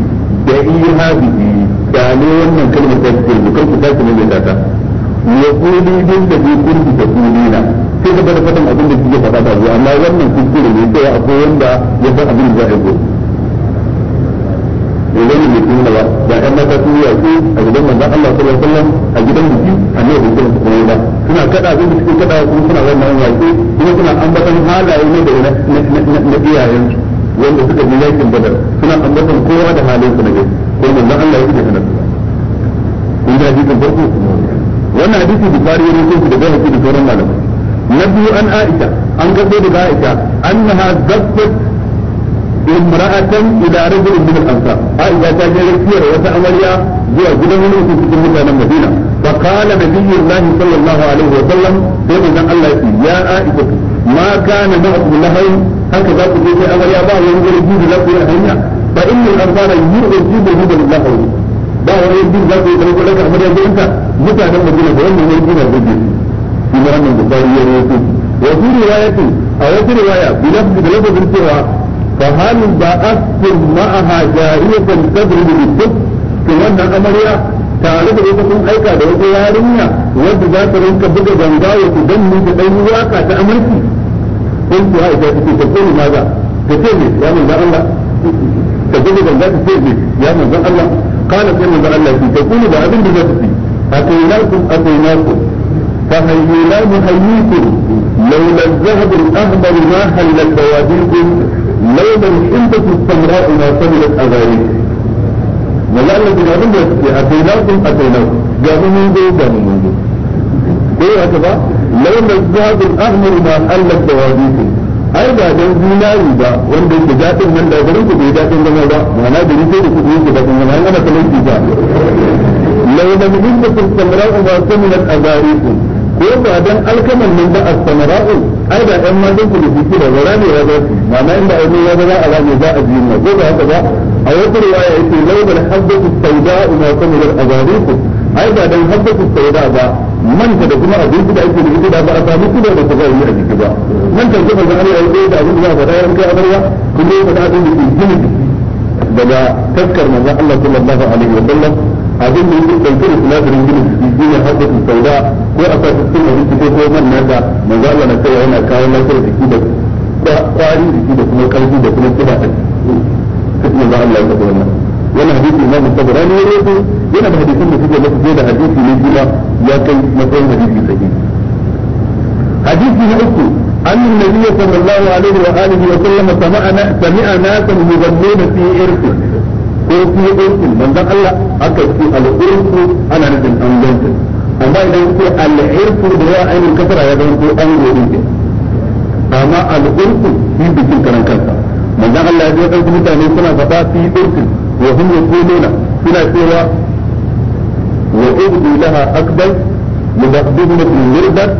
da iya hadihi da ne wannan kalmar ta ce ku kanku ta ce ne da ta ya kuli din da bi kun ku ta kulina sai ka fatan abin da kike faɗa da ruwa amma wannan kuskure ne sai akwai wanda ya san abin da za a yi wani mai kuma ba da ɗan mata sun yi yaƙi a gidan manzon Allah sallallahu alaihi wasallam a gidan a ne hukun su kuma ba suna kada abin da suke kada kuma suna wannan yaƙi kuma suna ambatan halaye ne da na wanda suka badar suna ambatan kowa da halin su na ko Allah ya da kun ji hadisin farko wannan hadisi ya da bai da sauran malamai na biyu an aisha an gado daga aisha annaha zabbat imra'atan ila rajulin min al-ansar aisha ta je rakiyar wata amarya zuwa gidan wani mutum cikin mutanen madina fa qala nabiyullahi sallallahu alaihi wa sallam sai manzon Allah ya aisha ma kana ma'akum lahayn haka za ku je sai amarya ba wani gurbi da za ku yi hanya fa innal ansara yu'jibu bil lahayn ba wani gurbi za ku yi da ku daga amarya gurinka mutanen madina da wannan ne gurbi shi ma wannan bukari ya rawaito wa fi riwayatin a wata riwaya bilafzi da lafazin cewa fa halin ba a asfir ma'aha jariyatan tadribu biduk to wannan amarya tare da ita sun aika da wata yarinya wadda za ta rinka buga ganga ya ku danni da dan waka ta amarki sai ku aika take ta ko maza ta ce ne ya manzo Allah ta buga ganga ta ce ne ya manzo Allah kana sai manzo Allah ki ta kuni da abin da za ta ci atainakum ku. فهيئان هيئكم لولا الذهب الاخضر ما حلت بواديكم لولا الحنطة السمراء ما صملت اغاريكم ولعل الذين امنوا في اتيناكم اتيناكم قاموا من دون قاموا من دون ايه هكذا لولا الذهب الاخضر ما حلت بواديكم ايضا دون زيناري دا وانت انت جاتب من دا بريكو بي جاتب من دا وانا بريكو بيكو بيكو بيكو بيكو بيكو بيكو بيكو بيكو بيكو بيكو بيكو بيكو بيكو بيكو بيكو بيكو ko ba dan alkaman nan ba as-samara'u ai da dan matan ku da kuke da zara ne ya zaci ma'ana inda ai ya zara ala ne za a biyu ko ba haka ba a wata riwaya yace lawal habbatu sauda'u ma kamar al-azariku ai ba dan habbatu sauda ba manta da kuma abinci da ake da ita da ba a samu kudin da kuka yi a jiki ba manta da kuma zan yi da abin da za ka da yanka amarya kuma ya faɗa da ke gina daga taskar manzon Allah sallallahu alaihi wa sallam abin da yake ɗauke da sinadarin gina jiki shi ne haɓɓata sauda ko a sa cikin abinci ko ko man nata manzo Allah na cewa yana kawo lafiyar jiki da kwari jiki da kuma ƙarfi da kuma kiba a cikin manzo Allah ya faɗi wannan wannan hadisi imam tabarani ya rawaito yana da hadisin da suke masa sai da hadisi ne shi ya kai matsayin hadisi sahihi hadisi na uku أن النبي صلى الله عليه وآله وسلم سمع سمع ناسا يغنون في إرثه in shi urfin manzon Allah aka ce al-urfu ana nufin an ganta amma idan ce al-irfu da ya ainihin kasara ya zama ko an gobe ne amma al-urfu shi bikin karan kansa manzon Allah ya je ɗauki mutane suna faɗa fi urfin wa hum yaquluna suna cewa wa ubdu laha akbar mudabbirun fil mirdat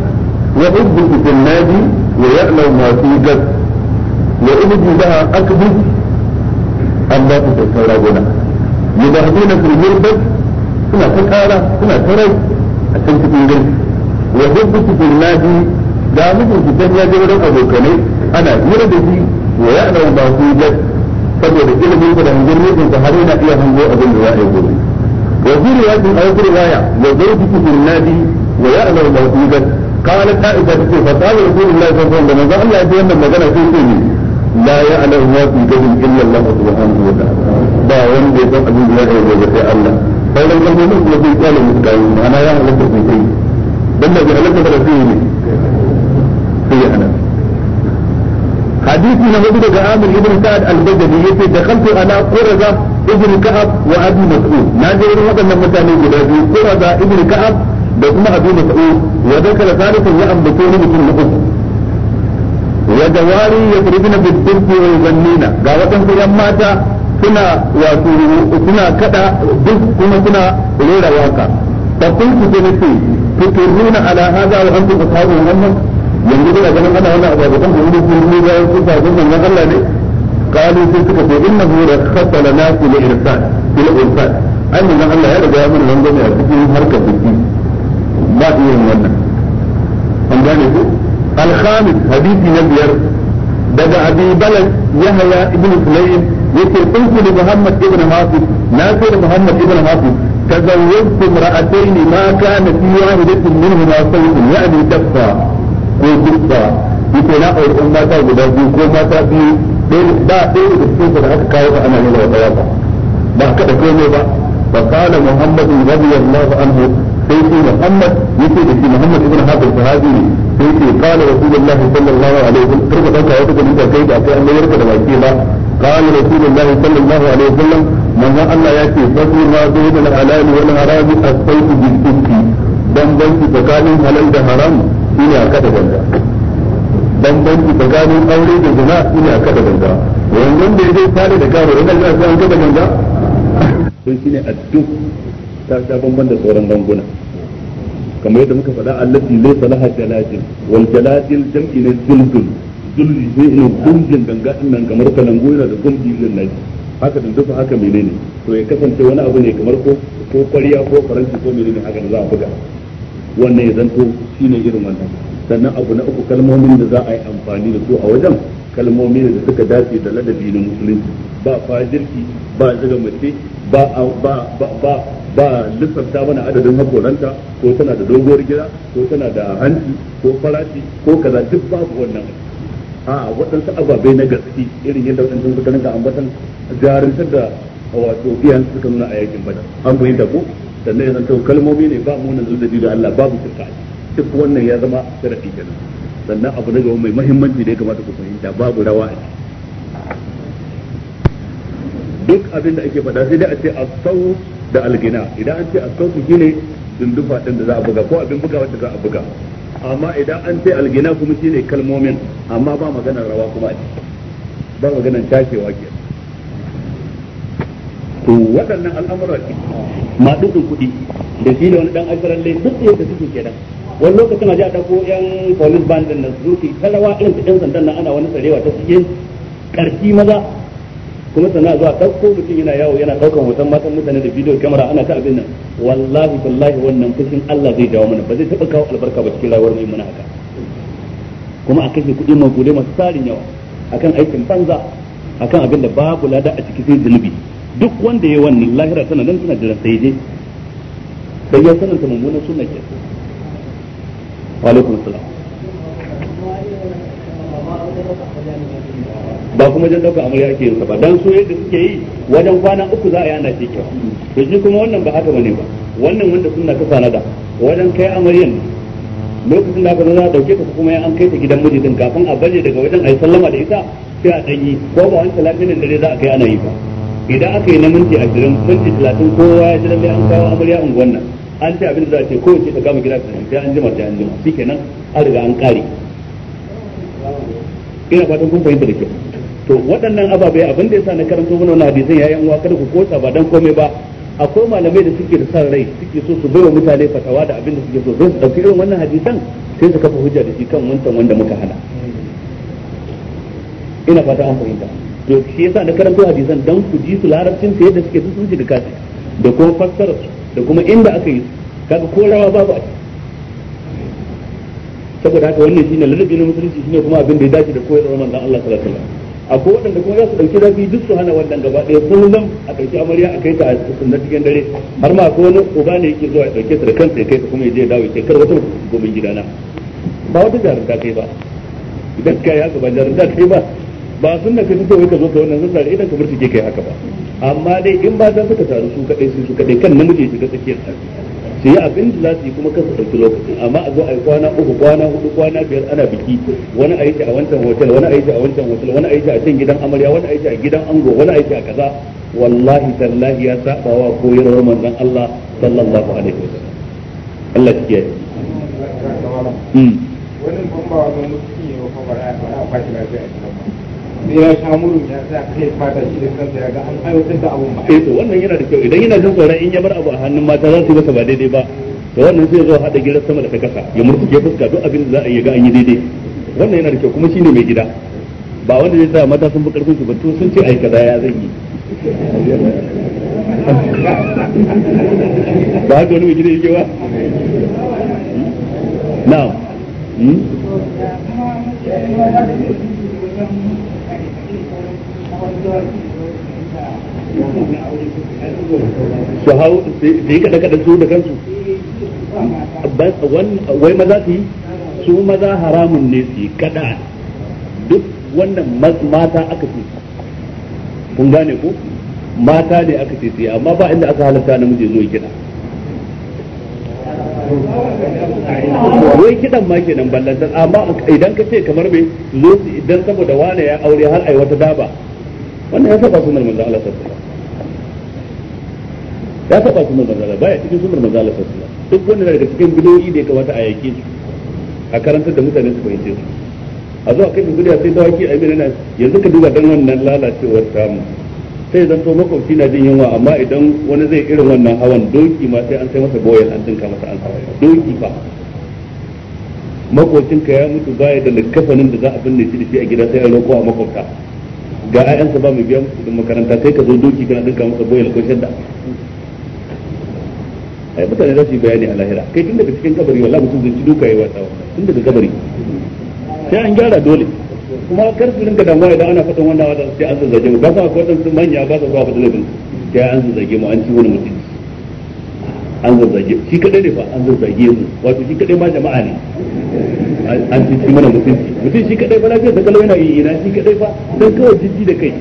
wa ubdu fil nadi ويعلم ما في قلب وإبدي لها أكبر an ba su kyautar raguna yudahuna fil gurbat suna ta kara suna ta rai a can cikin gari wa hubbuki fil nadi da mutum ki dan ya je wurin abokanai ana hira da shi wa ya'na ba su jad saboda ilimin da hangen mutum ta har yana iya hango abin da ya aiko wa fi riwayatin aw fi riwaya wa zawjiki fil nadi wa ya'na ba su jad قالت عائشة فتعالى رسول الله صلى الله عليه وسلم لما قال لها أتي أن المجال أتي لا يعلم ما في الكون الا الله سبحانه وتعالى با وند يسمع ابن الله وجه الله فلو لم يكن الذي قال المتكلم انا يعلم في شيء بل الذي علمت برسوله في انا حديثنا مجد عامر ابن سعد البجلي يقول دخلت على قرزه ابن كعب وابي مسعود نادي ابن هذا لما كان يقول قرزه ابن كعب da kuma abu da sa'u wa dakala salifin wa jawari yadribuna bid-dubbi wa yuzannina ga wadansu yan mata suna wato suna kada duk kuma suna rera waka fa kuntu jinati tuturuna ala hadha wa antum ashabu muhammad yanzu kuna ganin ana wannan abu kan ku ku ne ga su ta gurbin nan Allah ne qalu sai suka ce innahu rakhata lana fil irsan fil irsan ai mun Allah ya riga ya mun nan gome a cikin harkar biki ba iya wannan an gane ku الخامس حديث نبير دقى أبي بلد يهيا ابن سليم يقول قلت لمحمد ابن ماطب ناصر محمد ابن ماطب تزوجت امرأتين ما كانت في واحدة منهما صوت يعني تبقى كو تبقى يقول لا أعلم ما تعود بردو كو ما أنا هنا وطلاقا بحكة كومي با فقال محمد رضي الله عنه سيدي محمد يقول لك محمد ابن حافظ فهذه yake kana rasulullahi sallallahu alaihi wasallam karka dauka wata kalita kai da kai Allah yarka da baki ba kana rasulullahi sallallahu alaihi wasallam manzon Allah ya ce fa ma zuwa da halal wa haram as-sayfu bil ikki bambanci tsakanin halal da haram shine a kada banda bambanci tsakanin aure da zina shine a kada banda wannan da yake tare da karo idan za san kada banda sai shine addu ta ta bamban da sauran banguna kamar yadda muka faɗa allati laysa laha jalatil wal jalatil jam'i ne zulzul zulli sai ne gungin ganga nan kamar kalango yana da gungi din nan haka da dafa haka menene to ya kasance wani abu ne kamar ko ko kwariya ko faranti ko menene haka da za a buga wannan ya zanto shine irin wannan sannan abu na uku kalmomin da za a yi amfani da su a wajen kalmomi ne da suka dace da ladabi na musulunci ba fajirki ba zaga mace ba ba ba ba ba lissafta mana adadin hakoranta ko tana da doguwar gida ko tana da hanci ko farashi ko kaza duk babu wannan a waɗansu ababe na gaske irin yadda waɗansu suka rinka ambatan jarumtar da wato biyan suka nuna a yakin bada an fahimta ko sannan yanzu kalmomi ne ba munan zuwa da Allah babu shirka duk wannan ya zama sharafi kenan sannan abu na gaba mai mahimmanci da ya kamata ku fahimta babu rawa a duk abin da ake faɗa sai dai a ce a sau da algina idan an ce a sau shi ne dundufa ɗin da za a buga ko abin buga wanda za a buga amma idan an ce algina kuma shi ne kalmomin amma ba maganar rawa kuma a ba maganar tashewa ke to waɗannan al'amura ma dukkan kuɗi da shi da wani ɗan ashirin lai duk da suke kenan wani lokacin a ji a dako yan police band na nan su ta rawa irin ta yan sandan nan ana wani tsarewa ta cikin karfi maza kuma sana zuwa ɗauko mutum yana yawo yana daukan hoton matan mutane da bidiyo kamera ana ta abin nan wallahi wallahi wannan fushin Allah zai jawo mana ba zai taɓa kawo albarka ba cikin rayuwar mai muna haka kuma a kashe kuɗi mai gode masu tsarin yawa akan aikin banza akan abin da babu lada a cikin sai zunubi duk wanda ya wannan lahira tana nan tana jiran sai je bayyana ya sananta mummunan sunan kenan wa salam ba kuma wajen dauka amarya ake yin ba dan so yadda suke yi wajen kwana uku za a yi ana ce kyau to shi kuma wannan ba haka bane ba wannan wanda sunna ta sanada wajen kai amaryan lokacin da aka zo za a dauke ta kuma an kai ta gidan miji kafin a baje daga wajen ai sallama da ita sai a danyi ko ba wani talatin dare za a kai ana yi ba idan aka yi na minti ashirin minti talatin kowa ya ji lallai an kawo amarya unguwan nan an ce abin da za a ce kowace ta kama gida ta sai an jima sai an jima shi kenan an riga an kare ina fatan kun fahimta da kyau to waɗannan ababai abin da yasa na karanto mana wannan hadisan yayin uwa kada ku kota ba dan komai ba akwai malamai da suke da sa rai suke so su baiwa mutane fatawa da abin da suke so don su dauki irin wannan hadisan sai su kafa hujja da shi kan wancan wanda muka hana ina fata an fahimta to shi yasa na karanto hadisan dan ku ji su larabcin su yadda suke suke da kasi da kuma fassarar su da kuma inda aka yi kaga ko rawa babu a saboda haka wannan shine ladabi na musulunci shine kuma abin da ya dace da koyarwar manzon Allah sallallahu alaihi wasallam akwai waɗanda kuma za su ɗauki zafi duk su hana wannan gaba ɗaya kullum a ɗauki amarya a kai ta a sunna cikin dare har ma akwai wani uba ne yake zuwa ya ɗauke ta da kansa ya kai ta kuma ya je dawo ya kai wata gobin gidana ba wata jarumta kai ba idan ka ya gaba jarumta kai ba ba sun ka kashi wai ka zo ka wannan zan sare idan ka suke kai haka ba amma dai in ba ta suka taru su kadai su su kadai kan namiji shiga tsakiyar ta su yi abin da za su yi kuma su ɗauki lokaci amma a zo a yi kwana uku kwana hudu kwana biyar ana biki wani a yi shi a wancan hotel wani a yi shi a wancan hotel wani a yi shi a can gidan amarya wani a yi shi a gidan ango wani a yi shi a kaza wallahi tallahi ya saba wa koyarwar manzon Allah sallallahu alaihi wasallam Allah ya yi wani ban ba wannan mutum ne ko ba a ba shi lafiya sai ya sha muru ya sa kai fata shi da kansa ya ga an aiwatar da abun ba eh to wannan yana da kyau idan yana jin tsoron in ya bar abu a hannun mata za su masa ba daidai ba to wannan sai zo hada gidan sama da ta kasa ya murtuke fuska duk abin da za a yi ga an yi daidai wannan yana da kyau kuma shine mai gida ba wanda zai sa mata sun fi karfin su ba to sun ce ai kaza ya zan yi ba haka wani mai gida yake ba na'am hmm? su hau su yi kaɗa-kaɗa su da kansu wai maza su yi su maza haramun ne su yi kaɗa duk wannan mata aka ce kun gane ko mata ne aka ce su yi amma ba inda aka halatta namiji zo kiɗa wai kiɗan ma kenan ballantar amma idan ka ce kamar mai zo idan saboda wane ya aure har ai wata daba wannan ya saba sunan manzo Allah sallallahu ya saba sunan manzo Allah baya cikin sunan manzo Allah sallallahu duk wannan daga cikin bidoyi da ya kamata a yake su a karantar da mutane su fahimce su a zuwa kai gudu sai dawaki a mina yanzu ka duba dan wannan lalacewar samu sai zan to makwabci na jin yunwa amma idan wani zai irin wannan hawan doki ma sai an sai masa boyan an dinka masa an doki fa makwabcinka ya mutu baya da likafanin da za a binne shi da shi a gida sai an roƙo a makwabta ga ƴaƴansa ba mai biya musu kuɗin makaranta kai ka zo doki kana dinka masa boyel ko shadda ai mutane za su yi bayani a lahira kai tun daga cikin kabari wallahi mutum zai ci duka yayi wata tun daga kabari sai an gyara dole kuma kar su rinka damuwa idan ana faɗin wannan wadan sai an zage mu ba sa dan sun manya ba sa zuwa faɗin labin sai an zage mu an ci wani mutum an zage shi kadai ne ba an zage mu wato shi kadai ma jama'a ne an ci mana mutunci mutum shi kadai ba lafiyar da kalau yana yi ina shi kadai ba don kawai jijji da kai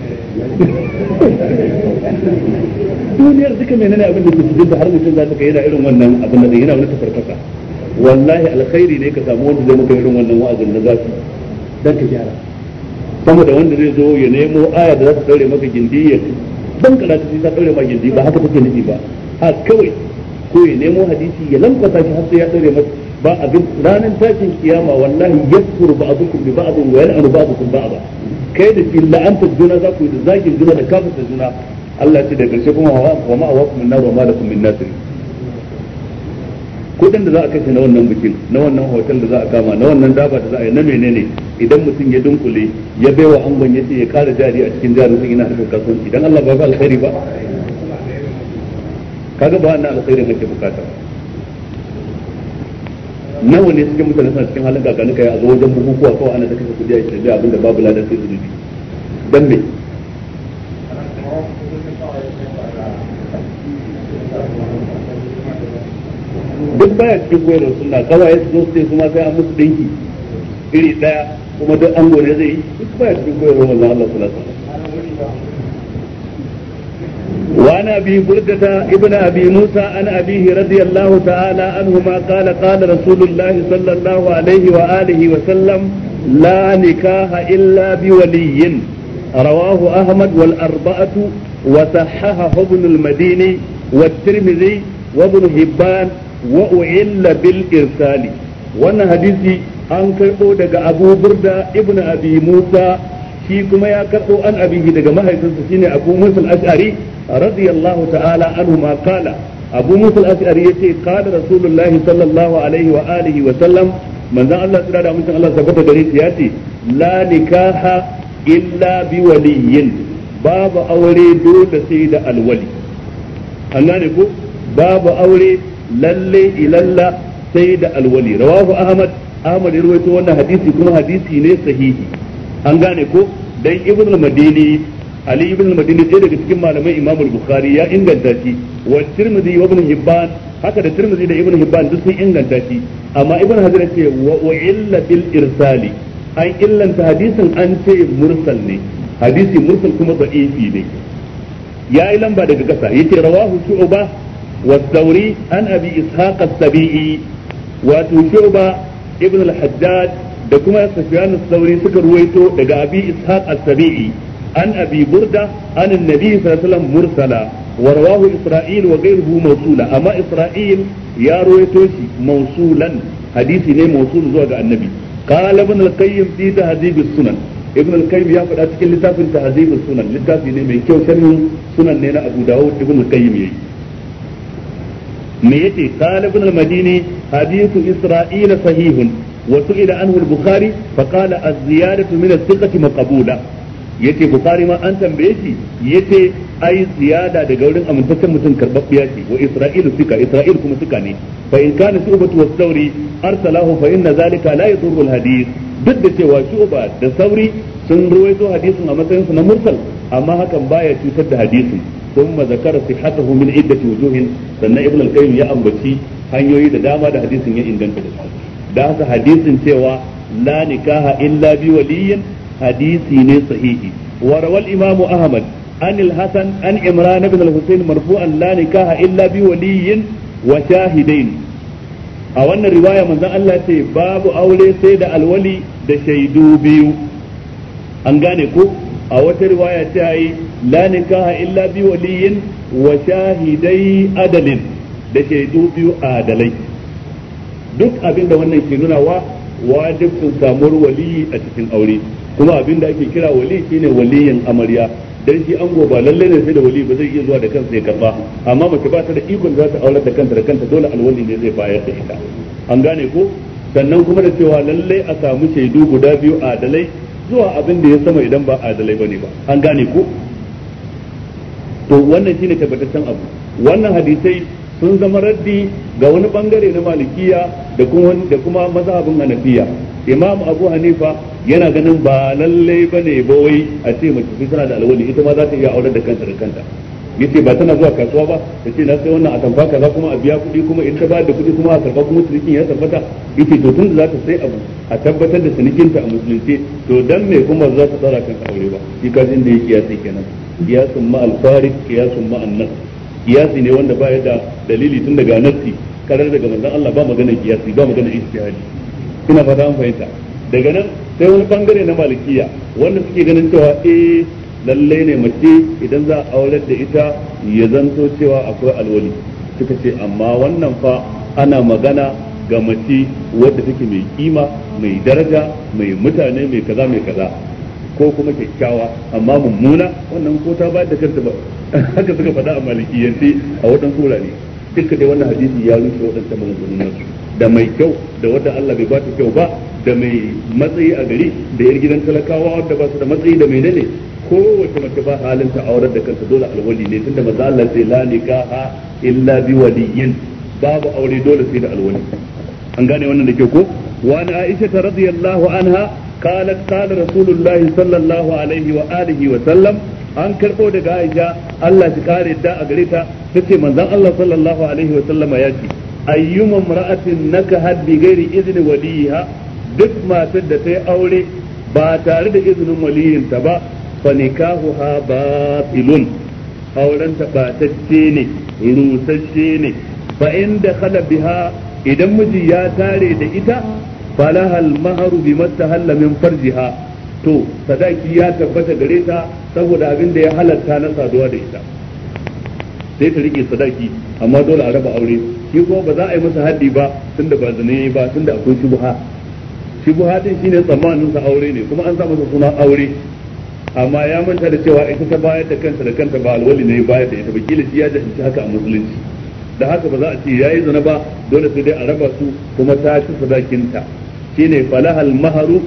duniyar duka mai nana abin da su da har mutum za su kai yana irin wannan abin da yana wani tafarfasa wallahi alkhairi ne ka samu wanda zai maka irin wannan wa'azin na zafi dan ka gyara sama da wanda zai zo ya nemo aya da za ta daure maka gindi ya ban kana ta ta daure maka gindi ba haka take nufi ba a kawai ko ya nemo hadisi ya lambata shi har sai ya daure maka ba abin ranar tashin kiyama wallahi yakfuru ba'dukum bi ba'd wa yal'anu ba'dukum ba kai da kin la'anta juna za ku yi da zakin juna da kafin da juna Allah ce da karshe kuma wa ma wa kuma nar wa ma da lakum min nasir kudin da za a kashe na wannan bikin na wannan hotel da za a kama na wannan daba da za a yi na menene idan mutum ya dunkule ya baiwa angon ya ce ya kara jari a cikin jarin sun yana harkar kasuwanci idan Allah ba ba alkhairi ba kaga ba wannan alkhairin kake bukata nawa ne cikin mutane suna cikin halin kakanin kai a zo wajen bukukuwa kawai ana ta kudi a yi shirya abinda babu ladan sai zunubi dan me duk baya cikin goyon koyarwar na kawai su zo su ce su ma sai an musu dinki iri daya kuma duk an gore zai yi duk baya cikin goyon koyarwar na Allah sallallahu alaihi wasallam وعن ابي بردة ابن ابي موسى عن ابيه رضي الله تعالى عنهما قال قال رسول الله صلى الله عليه واله وسلم لا نكاح الا بولي رواه احمد والاربعه وصححه ابن المديني والترمذي وابن هبان وأعل بالإرسال wannan hadisi an karɓo daga abu burda ibn abi musa shi kuma ya karɓo an abihi daga mahaifinsa shine abu musa al-ash'ari radiyallahu ta'ala anhu ma qala abu musul al-ash'ari yace qala rasulullahi sallallahu alaihi wa alihi wa sallam manzon Allah tsira da mutum Allah tabbata gare shi yace la nikaha illa bi waliyin babu aure dole sai da alwali an gane ko babu aure lalle ilalla sai da alwali rawahu ahmad ahmad ya rawaito wannan hadisi kuma hadisi ne sahihi an gane ko dan ali ibn al-madini daga cikin malamai imam al-bukhari ya inganta shi wa tirmidhi wa ibn hibban haka da tirmidhi da ibn hibban sun inganta shi amma ibn hajar ce wa illa bil irsali an illanta hadisin an ce mursal ne hadisi mursal kuma da'ifi ne ya yi lamba daga kasa yace rawahu shu'ba wa thawri an abi ishaq as-sabi'i wato shu'ba ibn al da kuma sufyan as suka ruwaito daga abi ishaq as-sabi'i an abi burda an annabi sallallahu alaihi wasallam mursala wa rawahu isra'il wa amma isra'il ya rawaito shi mawsulan hadisi ne mawsul zuwa ga annabi qala ibn al-qayyim fi tahdhib sunan ibn al-qayyim ya faɗa cikin littafin tahdhib as-sunan littafi ne mai kyau sharhin sunan ne na abu dawud ibn al yayi me yace qala ibn al-madini isra'ila sahihun وسئل عنه البخاري فقال الزيادة من الثقة مقبولة yace bukhari ma an tambaye shi yace ai ziyada daga wurin amintaccen mutum karbabbiya ce wa isra'ilu suka isra'il kuma suka ne fa in kana su'batu was sauri arsalahu fa inna zalika la yadurru al hadith duk da cewa shuba da sauri sun ruwaito hadisin a matsayin su na mursal amma hakan baya cutar da hadisin ثم ذكر صحته من عدة وجوه سنة ابن القيم ya ambaci hanyoyi da dama da hadisin ya inganta da su da haka hadisin cewa la nikaha illa bi waliyin hadisi ne sahihi wa rawal ahmad Anil Hassan, hasan an imran ibn al-husayn marfu'an la illa waliyyin wa a wannan riwaya manzon Allah ce babu aure sai da alwali da shaidu biyu an gane ko a wata riwaya ta yi la nikaha illa bi waliyin wa shahidai adalin da shaidu biyu adalai duk abin da wannan ke nuna wa wajibcin samuwar waliyi a cikin aure kuma abin da ake kira wali shine waliyin amarya dan shi ango ba lalle ne sai da wali ba zai iya zuwa da kansa ya karba amma mace ba ta da ikon za ta aurar da kanta da kanta dole alwali ne zai bayar da ita an gane ko sannan kuma da cewa lalle a samu shaidu guda biyu adalai zuwa abin da ya sama idan ba adalai bane ba an gane ko to wannan shine tabbataccen abu wannan hadisai sun zama raddi ga wani bangare na malikiya da kuma da kuma mazhabin hanafiya imam abu hanifa yana ganin ba lallai bane ba wai a ce mace tana da alwali ita ma za ta iya aurar da kanta da kanta yace ba tana zuwa kasuwa ba ta ce na sai wannan atamfa kaza kuma a biya kuɗi kuma in ta ba da kuɗi kuma a karɓa kuma cinikin ya tabbata yace to tun da za ta sai abu a tabbatar da cinikinta a musulunci to dan me kuma za ta tsara kan aure ba shi kaji inda ya kiyasi kenan Ya ma al-farid ma kiyasi ne wanda ba ya da dalili tun daga nassi karar daga manzon Allah ba magana kiyasi ba magana ijtihadi ina fata an fahimta daga nan sai wani bangare na malikiya wanda suke ganin cewa eh lalle ne mace idan za a aurar da ita ya zanto cewa akwai alwali suka ce amma wannan fa ana magana ga mace wadda take mai kima mai daraja mai mutane mai kaza mai kaza ko kuma kyakkyawa amma mummuna wannan ko ta bayar da kanta ba haka suka faɗa a malikiyanci a waɗansu wurare duka dai wannan hadisi ya rushe waɗansu maganganun da mai kyau da wadda Allah bai ba ta kyau ba da mai matsayi a gari da yar gidan talakawa wadda ba su da matsayi da mai nane kowace mace ba halin ta aurar da kanta dole alwali ne tunda maza Allah sai la nikaha illa bi waliyin babu aure dole sai da alwali an gane wannan da kyau ko wa na aisha radiyallahu anha قالت قال رسول الله صلى الله عليه وآله وسلم an karɓo daga Aisha Allah shi kare da a gare ta tace manzon Allah sallallahu alaihi wa sallama ya ce ayyuma mar'atin naka haddi gairi izni waliha duk matar da ta yi aure ba tare da izinin ta ba fa ha batilun auren ta batacce ne rusacce ne fa in khala biha idan miji ya tare da ita falaha al-mahru bima tahalla min farjiha to sadaki ya tabbatar gare ta saboda abin da ya halarta na saduwa da ita sai ta rike sadaki amma dole a raba aure shi kuma ba za a yi masa haddi ba tunda ba zane ba tunda akwai shubha shubha din shine tsammanin sa aure ne kuma an sa masa sunan aure amma ya manta da cewa ita ta bayar da kanta da kanta ba alwali ne bayar da ita ba kila shi ya haka a musulunci da haka ba za a ce ya yi zana ba dole sai dai a raba su kuma ta ci sadakinta shine falahal maharu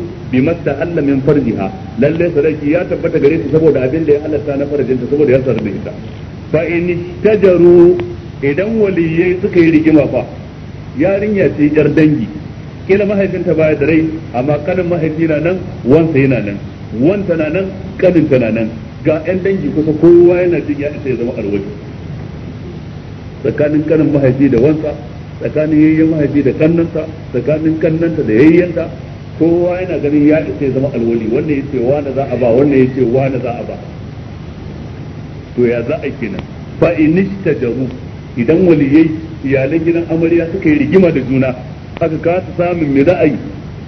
matta alla min farjiha lalle sadaki ya tabbata gare su saboda abin da ya halatta na ta saboda ya tsara da ita fa in tajaru idan waliyai suka yi rigima fa yarinya ce yar dangi kila mahaifinta baya da rai amma kanin mahaifi nan wansa yana nan wanta na nan kanin ta nan ga yan dangi kusa kowa yana jin ya isa ya zama arwaji tsakanin kanin mahaifi da wansa tsakanin yayyen mahaifi da kannanta tsakanin kannanta da yayyenta kowa yana ganin ya isa zama alwali wanda wa na za a ba wanda wa na za a ba to ya za a kenan fa inishtajaru idan waliyai iyalan gidan amarya suka yi rigima da juna aka kasa samun mai ra'ayi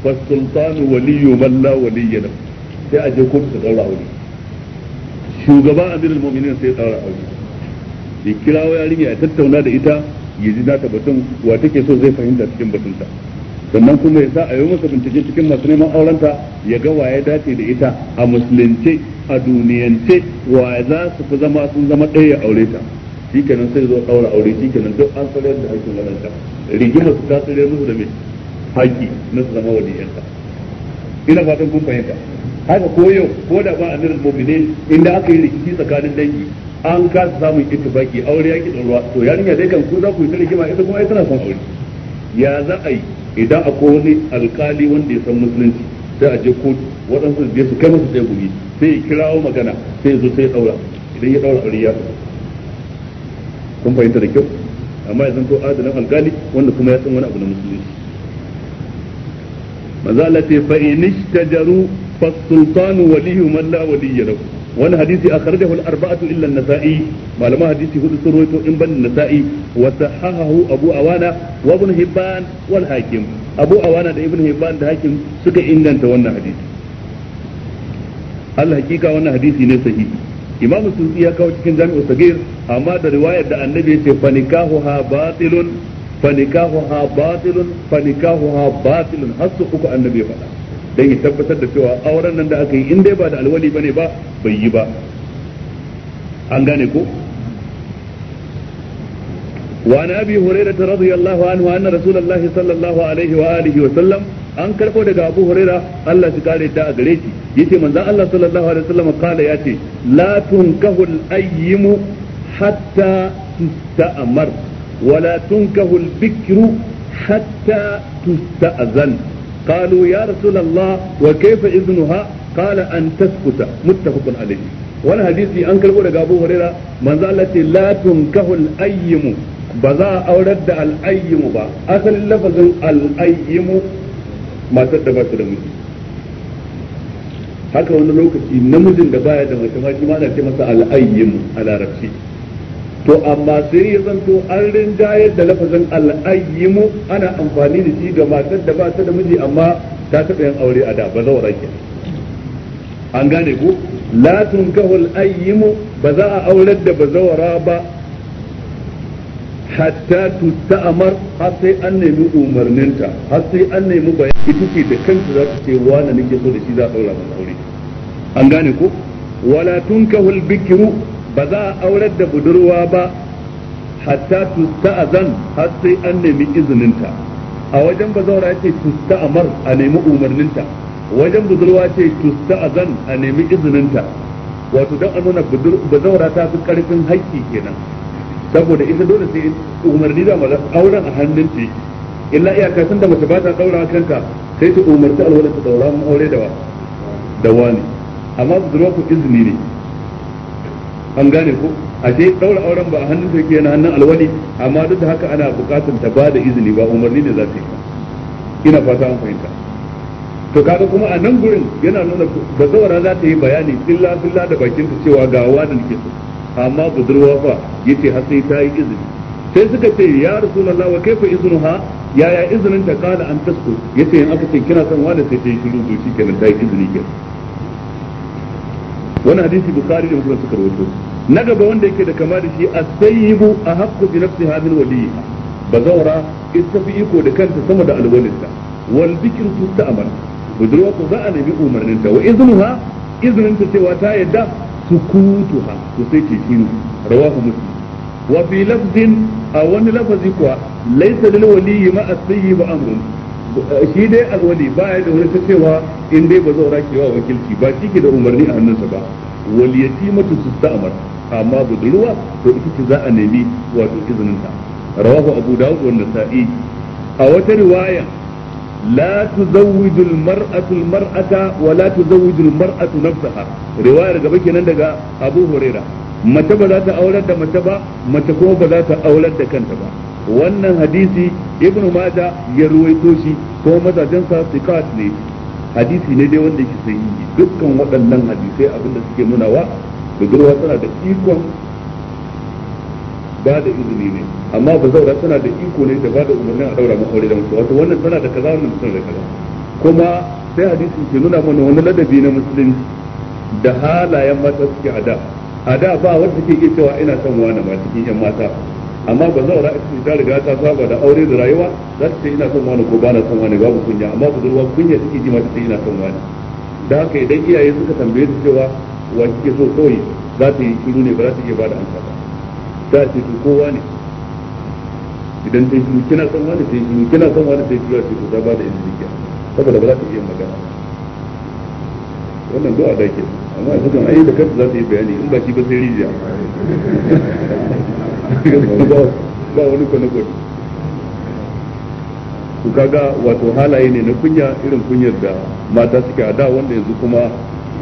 fa sultanu waliyyu man la waliyya lahu sai a je kotu ta daura aure shugaban amirul mu'minin sai ya daura aure ya kira wa yarinya ya tattauna da ita ya ji ta batun wa take so zai fahimta cikin batunta sannan kuma ya sa a yi masa bincike cikin masu neman aurenta ya ga wa ya dace da ita a musulunce a duniyance wa za su fi zama sun zama ɗaya ya aure ta kenan sai zo ɗaura aure shi kenan duk an tsare da hakkin wadanta rigima su ta tsare musu da mai haƙƙi na su zama waliyanta ina fatan kun fahimta haka ko yau ko da ba a nirin mobile inda aka yi rikici tsakanin dangi an kasa samun ita baki aure ya ki tsoruwa to yarinya dai kan ku za ku yi ta rigima ita kuma ita na son aure ya za a yi idan akwai wani alkali wanda ya san musulunci sai a je kotu waɗansu da su kai masa ɗaya gumi sai ya kirawo magana sai ya zo sai ya ɗaura idan ya ɗaura aure ya kun fahimta da kyau amma ya zanto adalin alkali wanda kuma ya san wani abu na musulunci manzo Allah ce fa in fa sultanu waliyyu man la waliyya lahu wani hadisi a al da illa nasai malama hadisi hudu sun rawaito in ban nasai abu awana wa ibn hibban wal hakim abu awana da ibn hibban da hakim suka inganta wannan hadisi al hakika wannan hadisi ne sahihi imamu ya kawo cikin jami'u sagir amma da riwayar da annabi ya ce ha batilun fanikahuha batilun fanikahuha batilun har uku annabi ya faɗa dan ya tabbatar da cewa auren nan da aka yi in dai ba da alwali bane ba bai yi ba an gane ko وعن ابي هريره رضي الله عنه an daga abu Allah shi kare ta a gare shi yace manzon Allah sallallahu alaihi kala yace la tunkahu al-ayyimu hatta tusta'mar wa la tunkahu al-bikru hatta tusta'zan قالوا يا رسول الله وكيف إذنها قال أن تسكت متفق عليه wani hadisi an karbo daga Abu Huraira manzo Allah ce la tunkahul ayyimu ba za a aurar da al ayyimu ba asalin lafazin al ayyimu matar da ba su da miji haka wani lokaci namijin da baya da mace ma shi ma ana ce masa al ayyimu a larabci to amma sai ya zanto an rinjayar da lafazin al'ayyimu ana amfani da shi ga matar da ba ta da miji amma ta taɓa yin aure a da ba zawara ke an gane ku la tunkahul ayyimu ba za a aurar da ba zawara ba hatta tutta'amar har sai an nemi umarninta har sai an nemi bayan ita ce da kanta za ta ce wani nake so da shi za a ɗaura masa aure an gane ku wala tunkahul bikru ba za a aurar da budurwa ba hatta tusta'azan har sai an nemi izininta a wajen bazawara ce tusta'amar a nemi umarninta wajen budurwa ce tusta'azan a nemi izininta wato don a nuna bazawara ta fi karfin haƙƙi kenan saboda ita dole sai umarni da ma auren a hannun ta illa iyaka sun da mace ba ta daura kanka sai ta umarci alwala ta daura mu aure da wa da wani amma budurwa ku izini ne an gane ko a ce daura auren ba a hannun sarki yana hannun alwali amma duk da haka ana bukatar ta bada izini ba umarni ne za ta yi ina fata an fahimta to kaga kuma a nan gurin yana nuna bazawara za ta yi bayani filla filla da bakin ta cewa ga wani ke so amma budurwa fa yace har sai ta yi izini sai suka ce ya rasulullah wa kaifa iznuha yaya izinin ta kala an tasku yace in aka ce kina son wani sai ta yi shiru to shikenan ta yi izini kenan wani hadisi bukhari da muslim suka rawaito na gaba wanda yake da kama da shi as-sayyibu ahaqqu bi nafsiha min waliha bazawra ita fi iko da kanta sama da alwalinta wal bikru tusta'mal budurwa ko za a nemi umarninta wa iznuha izninta cewa ta yadda sukutuha to sai ke shiru rawahu muslim wa fi lafzin a wani lafazi kuwa laysa lil waliyyi ma as-sayyibu amrun shi dai alwali ba ya da wani ta cewa in dai ba zaura ke wa wakilci ba shi ke da umarni a hannunsa ba wal yatimatu tusta'mar amma budurwa to ita ce za a nemi wato izinin ta rawahu abu dawud wa nasa'i a wata riwaya la tuzawwiju al mar'atu al mar'ata wa la tuzawwiju al mar'atu nafsaha riwayar gaba kenan daga abu huraira mace ba za ta aular da mace ba mace kuma ba za ta aular da kanta ba wannan hadisi ibnu maja ya ruwaito shi ko mazajensa sikat ne hadisi ne dai wanda yake sahihi dukkan waɗannan hadisai abinda suke nuna wa budurwa tana da ikon ba da izini ne amma ba zaura tana da iko ne da ba da umarnin a daura mu aure da mutum wato wannan tana da kaza wannan tana da kaza kuma sai hadisi ke nuna mana wani ladabi na musulunci da halayen mata suke ada ada ba wanda ke iya cewa ina son wani ma cikin yan mata amma ba zaura a cikin ta riga ta saba da aure da rayuwa za ta ce ina son wani ko ba na son wani babu kunya amma budurwa kunya take ji ma ta ce ina son wani da haka idan iyaye suka tambaye ta cewa wa kike so kawai za ta yi shiru ne ba za ta iya ba da amsa ba ta ce kowa ne idan ta yi shiru kina son wani ta yi shiru kina son wani ta yi shiru a ce ta ba da izini kiya saboda ba za ta iya magana wannan do'a da ke amma a cikin ayyuka kanta za ta yi bayani in ba shi ba sai rijiya ba wani ko na gode ku kaga wato halaye ne na kunya irin kunyar da mata suke a da wanda yanzu kuma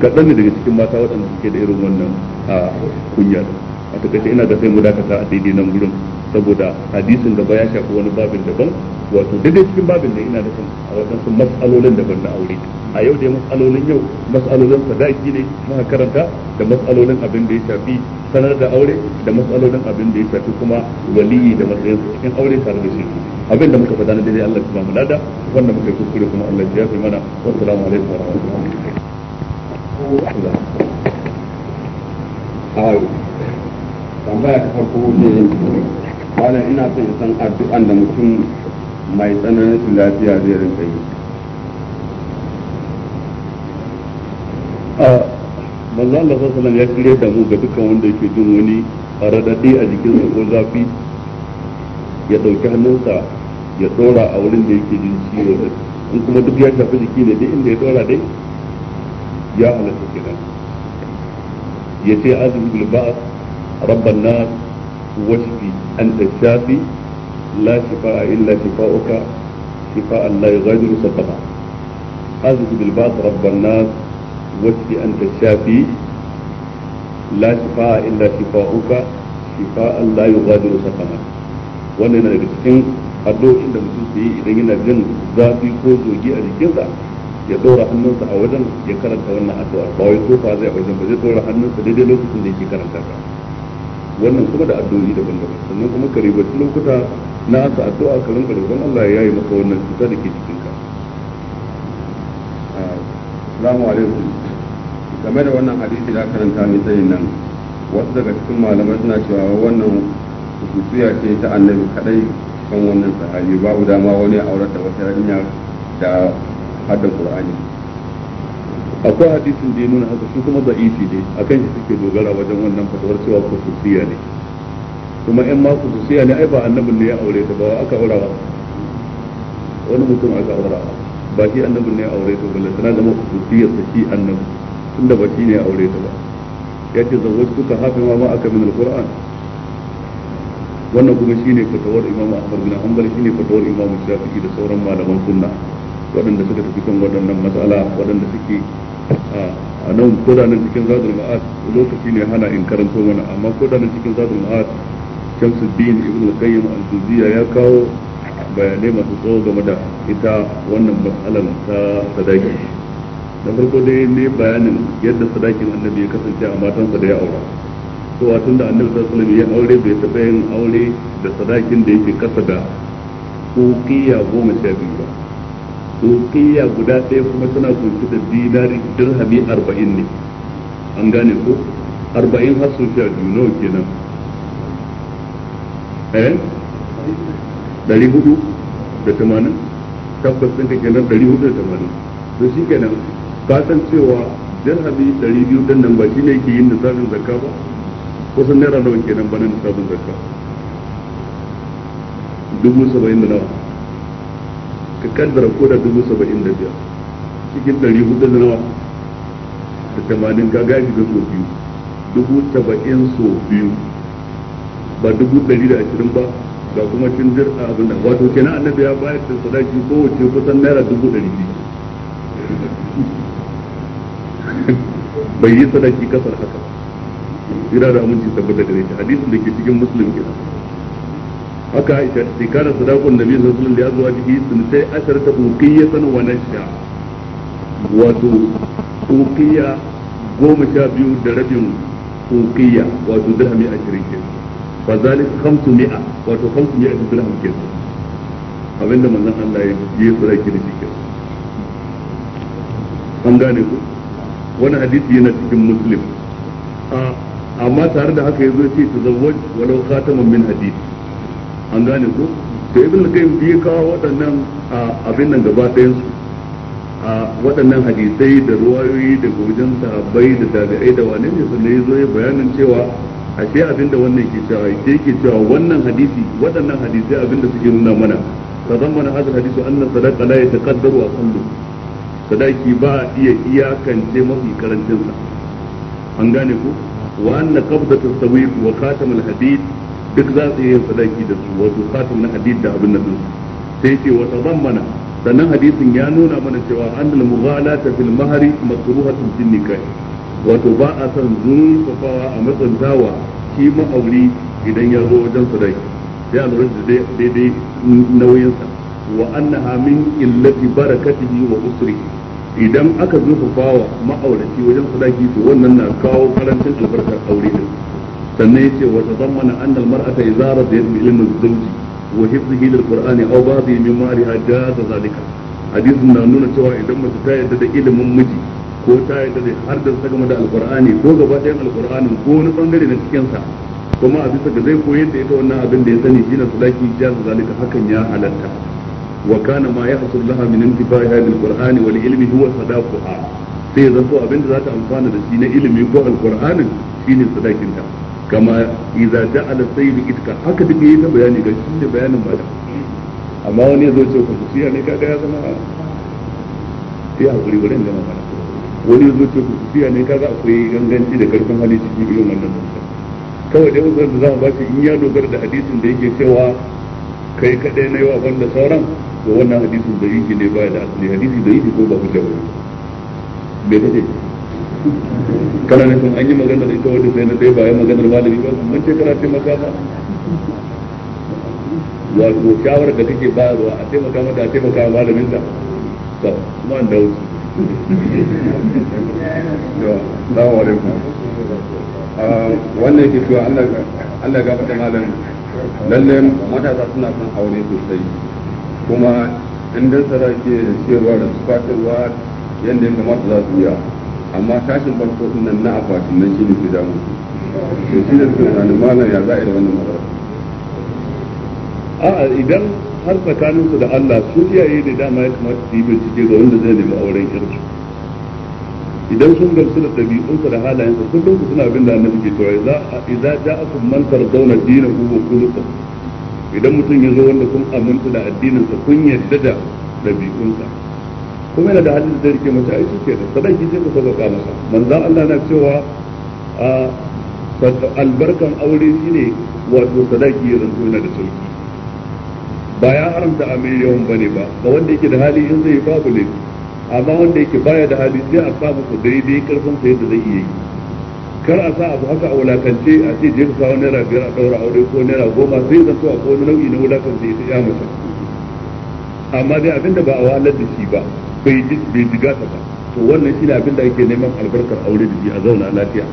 kaɗan ne daga cikin mata waɗanda suke da irin wannan a kunyar a takaice ina da sai mu dakata a daidai nan gurin saboda hadisin gaba ya shafi wani babin daban wato daidai cikin babin da ina da kan a waɗansu matsalolin daban na aure a yau dai matsalolin yau matsalolin sadaki ne muka karanta da matsalolin abin da ya shafi sanar da aure da matsalolin abin da ya shafi kuma waliyi da matsayin su cikin aure tare da shi abin da muka fada na daidai Allah kuma mulada mu wanda muka yi kuskure kuma Allah ya yafe mana wassalamu alaikum wa rahmatullahi ayo tambaya ta farko ne bana ina son san addu'an da mutum mai tsananin lafiya zai rinka yi ah, manzo Allah sallallahu alaihi wasallam ya kire da mu ga dukkan wanda yake jin wani radadi a jikinsa ko zafi ya dauki hannunsa ya dora a wurin da yake jin ciwo da in kuma duk ya shafi jiki ne duk inda ya dora dai ya halatta kenan ya ce azumi bil ba'd rabban nas washfi anta shafi la shifaa illa shifauka shifaa la yughadiru saqama azumi bil ba'd rabban nas واشف أنت الشافي لا شفاء إلا شفاؤك شفاء لا يغادر سقما wannan yana daga cikin addu'o'in da mutum ke yi idan yana jin zafi ko zogi a jikinsa ya ɗora hannunsa a wajen ya karanta wannan addu'a ba wai tofa zai wajen ba zai ɗora hannunsa daidai lokacin da yake karanta ta wannan kuma da addu'o'i daban-daban sannan kuma ka ribaci lokuta na asa addu'a ka rinka roƙon Allah ya yi maka wannan cuta da ke cikinka assalamu alaikum game da wannan hadisi da karanta mai tsayin nan wasu daga cikin malamai suna cewa wannan hususiya ce ta annabi kadai kan wannan sahabi babu dama wani aurar da wata yarinya da hadda qur'ani akwai hadisin da ya nuna haka shi kuma da'ifi ne a kan shi suke dogara wajen wannan fatawar cewa hususiya ne kuma in ma hususiya ne ai ba annabin ne ya aure ta ba aka aura ba wani mutum aka aura ba shi annabin ne ya aure ta balle tana zama hususiyar ta shi annabi tunda ba ne aure ta ba ya ce yace zawwajtuka hafi ma ma aka min alquran wannan kuma shine fatawar imam ahmad bin hanbal shine fatawar imam shafi'i da sauran malaman sunna waɗanda suka tafi kan waɗannan matsala waɗanda suke a nan ko da nan cikin zadul ma'ad lokaci ne hana in karanto mana amma ko da nan cikin zadul ma'ad Shamsuddin Ibn Qayyim al-Juziyya ya kawo bayanai masu tsawo game da ita wannan matsalar ta sadaki na farko dai ne bayanin yadda sadakin annabi ya kasance a matansa da ya aura a tun da annabi sallallahu alaihi ya aure bai taɓa yin aure da sadakin da yake kasa da uqiya goma sha biyu ba uqiya guda ɗaya kuma tana kunshi da dinari dirhami arba'in ne an gane ko arba'in har sun sha biyu nawa kenan eh ɗari hudu da tamanin tabbas ɗinka kenan ɗari hudu da tamanin to shi kenan ka san cewa dirhami 200 din nan ba shi ne ke yin nisabin zakka ba kusan naira nawa kenan ba banin nisabin zakka dubu saba'in da nawa ka kaddara ko da dubu saba'in da biyar cikin ɗari hudu da nawa da tamanin gaga shi ga so biyu dubu saba'in so biyu ba dubu ɗari da ashirin ba ga kuma cin jir a abin da wato kenan annabi ya bayar da sadaki kowace kusan naira dubu ɗari biyu bai yi sadaki kasar haka ina da aminci tabbata gare shi hadisin da ke cikin muslim kenan haka aisha ce kana sadaqun nabi sallallahu alaihi wasallam li azwajihi ta asharata uqiyatan wa nashya wato uqiya goma sha biyu da rabin uqiya wato dirhami 20 kenan fa zalik 500 wato 500 dirham kenan abinda manzon Allah ya yi sadaki da shi kenan an gane ku wani hadisi yana cikin muslim ah. amma tare da haka yazo ce ta zawaj walau khataman min hadith an gane ko to ibn al-qayyim bi kawo waɗannan abin nan gaba ɗayan su a waɗannan hadisai da ruwayoyi da wajen sahabbai da tabi'ai da wane ne sannan yazo ya bayanin cewa ashe da wannan ke cewa yake cewa wannan hadisi waɗannan hadisai da suke nuna mana tazammana hadha al-hadisu anna sadaqa la yataqaddaru wa kullu sadaki ba a iya iyakance mafi karancinsa an gane ku wa anna qabdatu sawiq wa khatamul hadid duk za su yi sadaki da su wato khatam na hadid da abin nan sai ce wa tazammana sannan hadisin ya nuna mana cewa annal mughalata fil mahri makruhatun fil nikah wato ba a san zurfafawa a matsantawa shi ma'auri idan ya zo wajen sadaki sai a lura da daidai nauyinsa wa annaha min illati barakatihi wa usrihi idan aka zurfafa wa ma'aurati wajen sadaki to wannan na kawo karancin albarkar aure din sannan yace wa tazammana an al-mar'ata idza radiyat bi ilmi zawji wa hifzihi lil qur'ani aw ba'dhi min ma'riha jaza zalika hadisin na nuna cewa idan mace ta yarda da ilimin miji ko ta yarda da har da ta game da alqur'ani ko gaba ɗayan alqur'ani ko wani bangare na cikin sa kuma a bisa ga zai koyar da ita wannan abin da ya sani shine sadaki jaza zalika hakan ya halatta wa kana ma yahsul laha min intifa'iha bil qur'ani wal ilmi huwa sadaquha sai zanto abinda za ta amfana da shi na ilimi ko alqur'anin shine sadakin ta kama idza ja'ala sayyidu itka haka duk yayi ta bayani ga shi da bayanin da. amma wani yazo ce ku siya ne kaga ya zama sai hakuri wurin da mana wani yazo ce ku siya ne kaga akwai ganganci da karfin hali cikin irin wannan kawai dai uzurin da za mu ba shi in ya dogara da hadisin da yake cewa kai kadai na yi wa da sauran to wannan hadisin da yake ne baya da asali hadisi da yake ko ba hujja ba me kace kana ne an yi magana da ita wanda sai na dai ba ya magana malami ba mun ce kana ce maka ba wato shawar da kake bayarwa a taimaka mata a taimaka wa malamin ta to kuma an dawo Assalamu alaikum. Ah, wannan ke cewa Allah gafata malam lalle matasa suna son aure sosai kuma in dan tsara ke siyarwa da fatarwa yadda ya kamata za su iya amma tashin farko din nan na akwatin nan shine ke damu to shi da suke tunanin malam ya za a yi da wannan a'a idan har tsakaninsu da Allah su iyaye da dama ya kamata su yi bincike ga wanda zai nemi auren irsu idan sun gamsu da ɗabi'unsa da halayensa sun gamsu suna abin da annabi ke cewa idza ja'akum man dina dinahu wa khuluquhu idan mutum ya zo wanda kun aminta da sa kun yadda da dabi'unsa kuma yana da hadisi da rike mace ai suke da sadaki sai ku sabaka masa manzon Allah na cewa a albarkan aure shine wato sadaki ya zanto yana da sauki ba ya haramta a miliyan bane ba ga wanda yake da hali in zai babu laifi amma wanda yake baya da hali sai a samu daidai karfin sa yadda zai iya yi kar a sa abu haka a wulakance a ce je ka kawo naira biyar a ɗaura aure ko naira goma sai zan so a ko nau'i na wulakance ya ya mutum amma dai abinda ba a wahalar da shi ba bai diga ta ba to wannan shine abin da ake neman albarkar aure da shi a zauna lafiya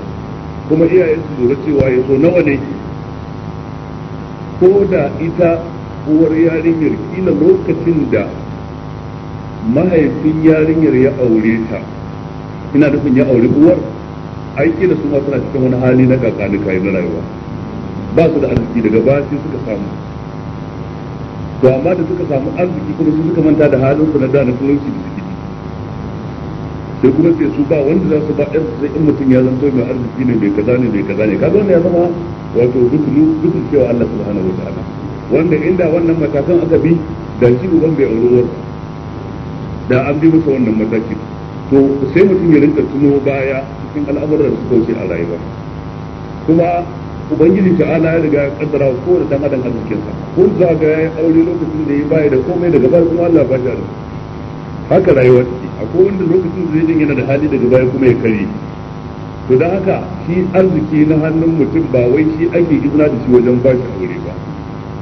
kuma iyaye su lura cewa ya so nawa ne ko da ita uwar yarinyar kila lokacin da mahaifin yarinyar ya aure ta ina nufin ya aure uwar ai kila su ma suna cikin wani hali na kakani kai na rayuwa ba su da arziki daga baya sai suka samu to amma da suka samu arziki kuma su suka manta da halin su na da na turanci da suke sai kuma sai su ba wanda za su ba ɗan su sai in mutum ya zanto mai arziki ne mai kaza ne mai kaza ne kaga wanda ya zama wato dukkan dukkan cewa Allah subhanahu wa ta'ala wanda inda wannan matakan aka bi da shi uban bai aurowar da an bi masa wannan matakin to sai mutum ya rinka tuno baya cikin al'amuran da suka wuce a rayuwa kuma ubangiji ta ala ya riga ya kaddara wa kowane dan adam arzikinsa ko za ga yayi aure lokacin da ya baya da komai daga baya kuma Allah ba shi arziki haka rayuwa take akwai wanda lokacin da zai yana da hali daga baya kuma ya kare to dan haka shi arziki na hannun mutum ba wai shi ake izina da shi wajen ba shi aure ba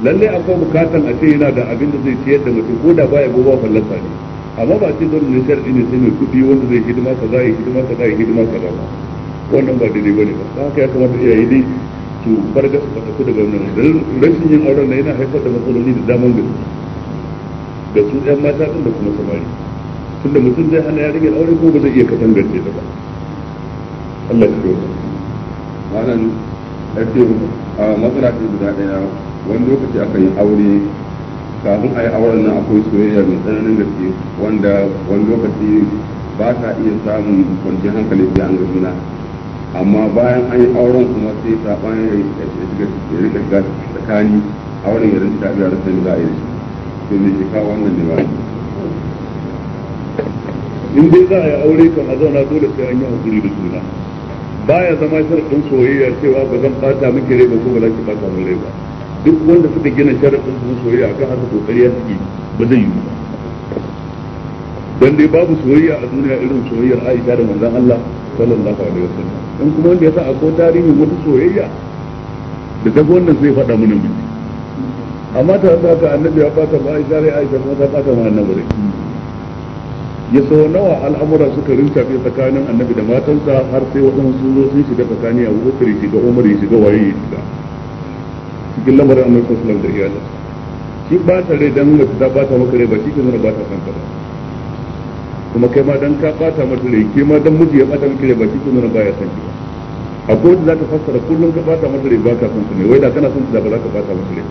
lalle akwai bukatan a ce yana da abin da zai ciyar da mutum ko da baya gobe fallasa ne amma ba ce zan ne shar'i ne sai mai kuɗi wanda zai hidima kaza yi hidima kaza yi hidima kaza ba wannan ba daidai ne ba haka ya kamata yi dai su bar gasa fataku daga wannan rashin yin auren na yana haifar da matsaloli da daman gaske ga su ɗan mata ɗin da kuma samari tunda mutum zai hana yarinyar aure ko ba zai iya katangance ta ba Allah ya kyauta malam ya ce a matsala ce guda ɗaya wani lokaci aka yi aure kafin a yi auren nan akwai soyayya mai tsananin gaske wanda wani lokaci ba ta iya samun kwanciyar hankali sai an ga juna amma bayan an yi auren kuma sai saɓan ya rika shiga tsakani auren ya rinci tafiya da sani za a yi shi sai me ke kawo wannan ne ba in dai za a yi aure kan a zauna dole sai an yi hakuri da juna baya zama sharaɗin soyayya cewa ba zan ɓata miki rai ba ko ba za ki ɓata min rai ba duk wanda suka gina sharaɗin su soyayya kan haka to ya suke ba zai yi dan dai babu soyayya a duniya irin soyayyar Aisha da manzon Allah sallallahu alaihi wasallam dan kuma wanda ya sa akwai tarihin wata soyayya da daga wannan zai faɗa mana mu amma ta da ka annabi ya fata ba Aisha rai Aisha kuma ta fata ma annabi rai ya sau nawa al'amura suka rincafe tsakanin annabi da matansa har sai waɗansu sun zo sun shiga tsakani a wuri shiga Umar ya shiga waye ya shiga cikin lamarin annabi sallallahu alaihi da iyalin shi ba ta rai dan wata ta ba ta maka rai ba shi ke nuna ba ta san ba kuma kai ma dan ka bata mata rai ke ma dan miji ya bata maka rai ba shi ke nuna ba ya san ki ba akwai wanda zaka fassara kullum ka bata mata rai ba ka san ne wai da kana son da ba za ka bata mata rai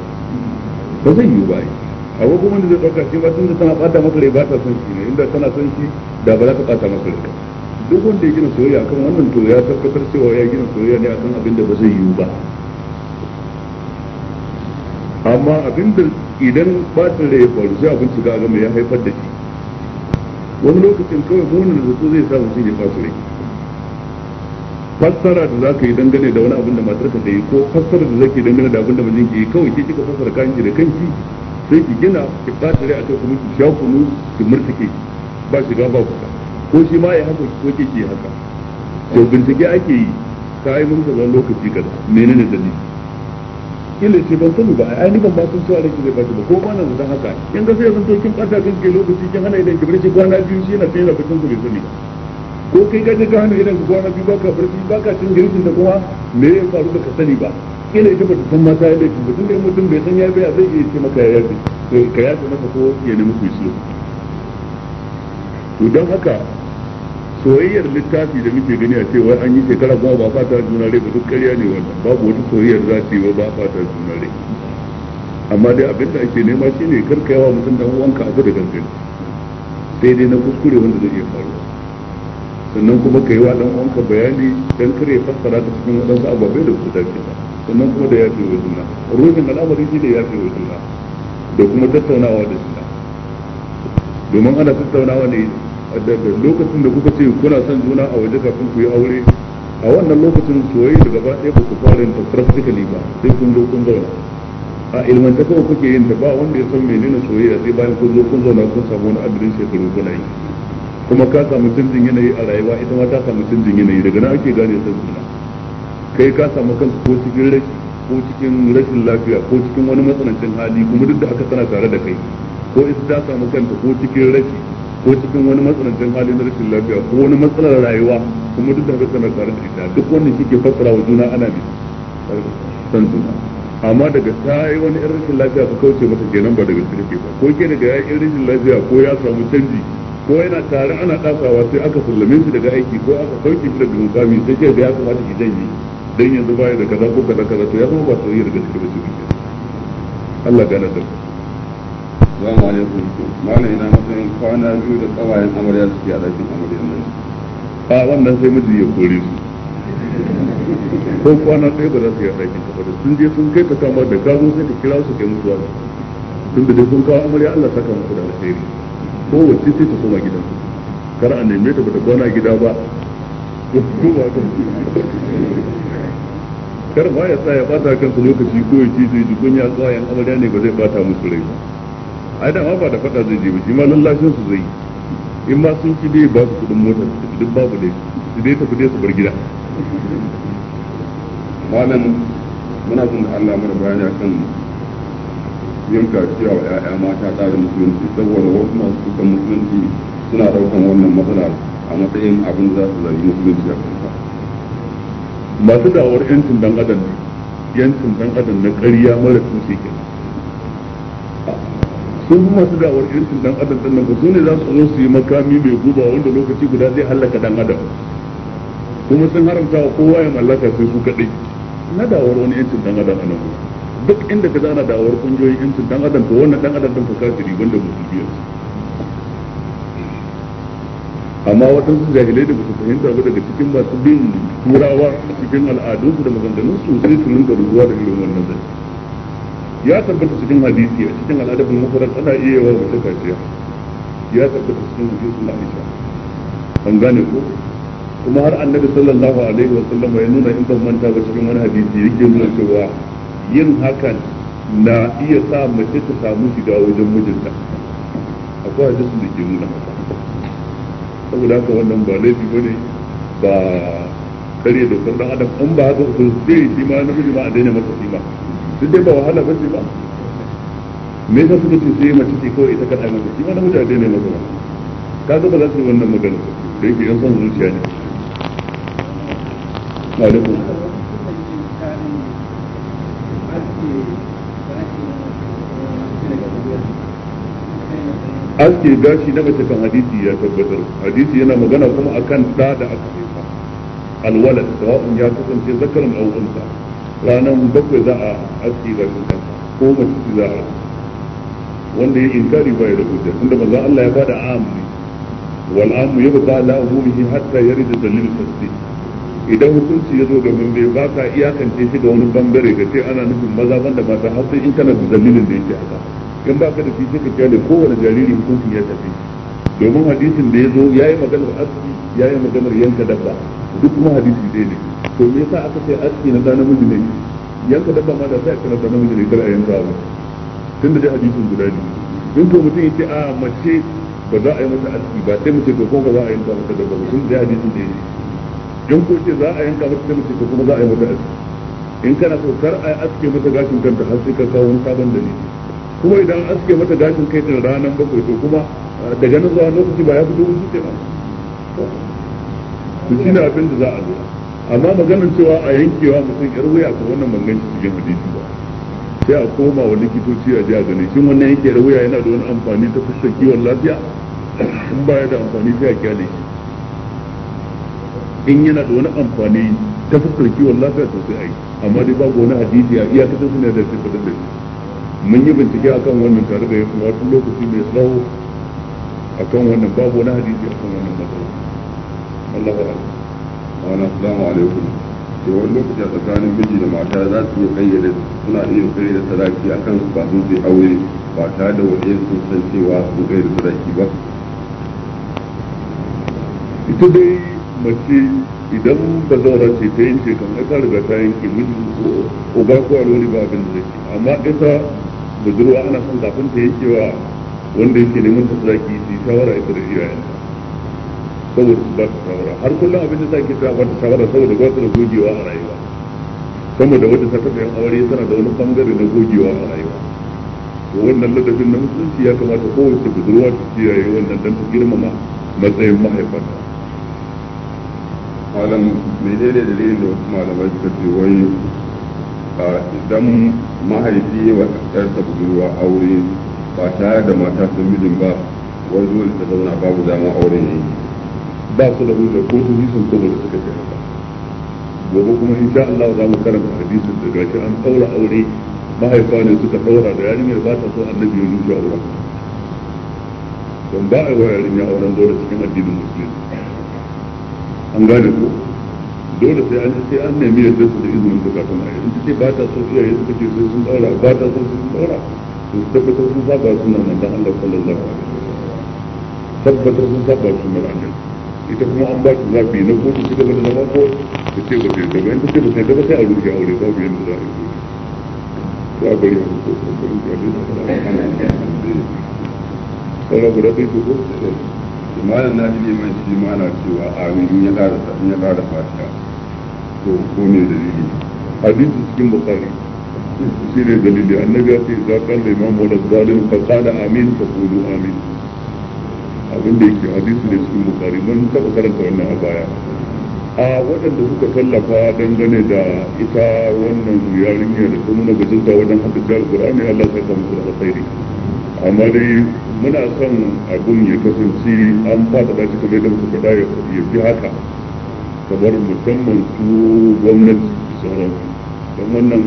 ba zai yiwu ba yi a kuma wanda zai dauka cewa da tana bata maka rai ba ta san shi ne inda tana son shi da ba za ka bata mata rai duk wanda ya gina soyayya akan wannan to ya tabbatar cewa ya gina soyayya ne akan abin da ba zai yiwu ba amma abin da idan bacin rai ya faru sai abinci ga a gama ya haifar da shi wani lokacin kawai munin zato zai samu mutum ya bacin rai fassara da za ka yi dangane da wani abin da matar ka yi ko fassara da za yi dangane da abin da mijin ke yi kawai ke kika fassara kanki da kanki sai ki gina ki bata rai kai kuma ki sha kunu ki murtake ba shiga ba kuka ko shi ma ya haka ko ke ke haka to bincike ake yi ta yi mun kaza lokaci kaza menene dalili kila ce ban sani ba ai ni ban ba sun cewa ranki zai baki ba ko ba na don haka in ga sai zan to kin bata kan ke lokaci kin hana idan kibar shi kwana biyu shi yana sai yana bacin su bai sani ko kai ka ka hana idan ku kwana biyu baka barci baka cin girkin da kuma me ya faru baka sani ba kila ita bata san mata ya laifin ba tunda mutum bai san ya baya zai iya ce maka ya yafe ka yafe masa ko ya nemi ku yi to don haka soyayyar littafi da muke gani a ce wai an yi shekara kuma ba fata juna rai ba duk ƙarya ne wannan babu wata soyayyar za ta yi ba fata juna rai amma dai abin da ake nema ne kar ka yawa mutum dan uwanka abu da gangan sai dai na kuskure wanda zai iya faruwa sannan kuma ka yi wa dan uwanka bayani dan kare fassara ta cikin wadansu ababai da su dace ba sannan kuma da yafe wa juna ruhin al'amari shi da yafe wa juna da kuma tattaunawa da juna domin ana tattaunawa ne addabar lokacin da kuka ce kuna son juna a waje kafin ku yi aure a wannan lokacin soyayya da gaba ɗaya ba ku fara yin ta practically ba sai kun zo kun zauna a ilmanta kuke yin ta ba wanda ya san menene soyayya sai bayan kun zo kun zauna kun samu wani adadin shekaru kuna yi kuma ka samu canjin yanayi a rayuwa ita ma ta samu canjin yanayi daga nan ake gane san juna kai ka samu kanka ko cikin rashi ko cikin rashin lafiya ko cikin wani matsanancin hali kuma duk da aka tana tare da kai ko ita ta samu kanta ko cikin rashi ko cikin wani matsanancin hali na rashin lafiya ko wani matsalar rayuwa kuma duk da haka kana tare da ita duk wannan shi ke fassara wa juna ana bi san juna amma daga ta yi wani irin rashin lafiya ka kauce mata kenan ba daga ke ba ko ke daga ya yi rashin lafiya ko ya samu canji ko yana tare ana dasawa sai aka sallame shi daga aiki ko aka sauke shi daga mukami sai ke da ya kamata ki janye dan yanzu baya da kaza ko kaza kaza to ya zama ba soyayya daga cikin ba Allah gane da ku salamu alaikum malam ina matsayin kwana biyu da kawayen amarya suke a ɗakin amarya nan a wannan sai miji ya kore su ko kwana ɗaya ba za su yi a ɗakin ta da sun je sun kai ka kama da ka zo sai ka kira su kai mutuwa da tun da dai sun kawo amarya Allah saka musu da alheri ko wacce sai ta koma gidan kar a neme ta bata kwana gida ba ba kar ma ya tsaya bata kansa lokaci ko ya ce zai ji kunya kawayen amarya ne ba zai bata musu rai ba ai da ba da fada zai je ba shi ma lallashin su zai in ma sun ci dai ba su kuɗin mota su tafi duk babu dai su dai tafi dai su bar gida malam muna son da Allah mana bayani akan yin kaciya wa 'ya'ya mata tsarin musulunci saboda wasu masu kusan musulunci suna daukan wannan matsala a matsayin abin da za su zargi musulunci a kansa masu dawar 'yancin dan adam yancin dan adam na ƙarya mara tushe kenan su masu da'awar yancin dan adam din nan ba su ne za su zo su yi makami mai guba wanda lokaci guda zai halaka dan adam kuma sun haramta wa kowa ya mallaka sai su kadai na da'awar wani yancin dan adam a nan duk inda ka zana da'awar kungiyoyin yancin dan adam to wannan dan adam din fa kafiri banda musulmiya amma waɗansu jahilai da basu fahimta ba daga cikin masu bin turawa cikin al'adunsu da maganganunsu sai su rinka rubuwa da irin wannan zai ya tabbata cikin hadisi a cikin al'adabin mufrad ana iya yawa mace kaciya ya tabbata cikin hadisin Aisha an gane ko kuma har annabi sallallahu alaihi wa sallam ya nuna in ban manta ba cikin wani hadisi yake nuna cewa yin hakan na iya sa mace ta samu shiga wajen mijinta akwai hadisin da ke nuna haka saboda haka wannan ba laifi ne ba kare dokar dan adam in ba haka ko sai shi ma namiji ma a daina masa ma duk dai ba wahala bace ba me yasa suka ce sai mace ce kawai ita kaɗa masa shi ma na mutane ne masa ba kaga ba za su yi wannan magana da yake yan son zuciya ne maliku aske gashi na mace kan hadisi ya tabbatar hadisi yana magana kuma akan da da aka haifa alwalad sawa'un ya kasance zakaran aw ranar bakwai za a aski zafin kansa ko masu za a wanda ya inkari ba ya da hujja tunda manzon Allah ya bada amri wal amru yabqa ala umumihi hatta yarida dalil tasdiq idan hukunci ya zo ga bambe ba ka iyakance shi da wani bambare ga ce ana nufin maza banda mata har sai in kana da dalilin da yake haka in ba ka da shi sai ka kyale kowane jariri hukuncin ya tafi domin hadisin da ya zo ya yi maganar aski ya yi maganar yanka dabba duk kuma hadisi ɗaya ne to me yasa aka ce aski na da namiji ne yanka dabba ma da sai aka da namiji ne kar a yanka ba tun da ji hadisin guda ne in ko mutum ya ce a mace ba za a yi mata aski ba sai mace to ko ba za a yanka mata dabba tun da ji hadisin ne in ko ce za a yanka mata sai mace to kuma za a yi mata aski in kana so kar a aske mata gashin kanta har sai ka kawo wani sabon dalili kuma idan aske mata gashin kai din ranan bakwai to kuma daga nan zuwa lokaci ba ya fito wuce kenan to shine abin da za a lura amma maganar cewa a yankewa mutum yar wuya ko wannan bangan cikin hadisi ba sai a koma wa likitoci a jiya a gani shin wannan yanke yar wuya yana da wani amfani ta fuskar kiwon lafiya in baya da amfani sai a kyale shi in yana da wani amfani ta fuskar kiwon lafiya to sai a yi amma dai babu wani hadisi a iya kasar suna da sai fadar da shi mun yi bincike akan wannan tare da yakin wata lokaci mai tsawo akan wannan babu wani hadisi akan wannan matsala Allahu akbar wani asalamu alaikum ke wani lokaci a tsakanin miji da mata za su iya kayyade suna iya da sadaki su ba sun sai aure ba tare da wani sun san cewa sun kai da sadaki ba ita dai mace idan ba zaura ce ta yanke kan ta riga ta yanke miji uba ko lori ba abin da zai amma ita budurwa ana son kafin ta yankewa wanda yake neman ta sadaki su shawara ita da iyayen saboda su ba su shawara har kullum abin da sa ke cewa wata shawara saboda ba da gogewa a rayuwa sama da wata ta taɓa yin aure tana da wani bangare na gogewa a rayuwa to wannan ladabin na musulunci ya kamata kowace budurwa ta kiyaye wannan don ta girmama matsayin mahaifanta malam menene dalilin da wasu malamai suka ce wai idan mahaifi wa yarsa budurwa aure ba tare da mata sun mijin ba wai dole ta zauna babu dama auren yanki ba su da hujja ko su hisun saboda suka ce haka gobe kuma in sha Allah za mu karanta hadisin da gashi an daura aure mahaifa ne suka daura da yarinyar ba ta so annabi ya rushe auren don ba a yi wa yarinya auren dole cikin addinin musulmi an gane ko dole sai an sai an nemi yadda su da izinin ta kafin a yi ce ba ta so iyaye suka ce sai sun daura ba ta so sun daura to su tabbatar sun saba sunan manzon Allah sallallahu alaihi wasallam tabbatar sun saba sunan annabi ita kuma an ba ta zafi na ko ta gaba da zama ko ta ce ba ta yarda ba in ta ce ba ta yarda sai a rushe aure babu yadda za a yi za a bari a ko ta bari ta da ba a saura guda ɗaya ko malam na ji mai shi na cewa amin in ya ƙara in ya ƙara to ko ne dalili hadisi cikin bukari shi ne dalili annabi ya ce za ka limam wa da zalim fa qala amin fa amin abin da yake hadisi ne cikin bukari mun taɓa karanta wannan a baya a waɗanda suka tallafa dangane da ita wannan yarinya da ta nuna bajinta wajen haka jihar alkur'ani Allah sai ta musu alkhairi amma dai muna son abun ya kasance an faɗaɗa shi kamar yadda muka faɗa ya fi haka kamar musamman su gwamnati sauransu don wannan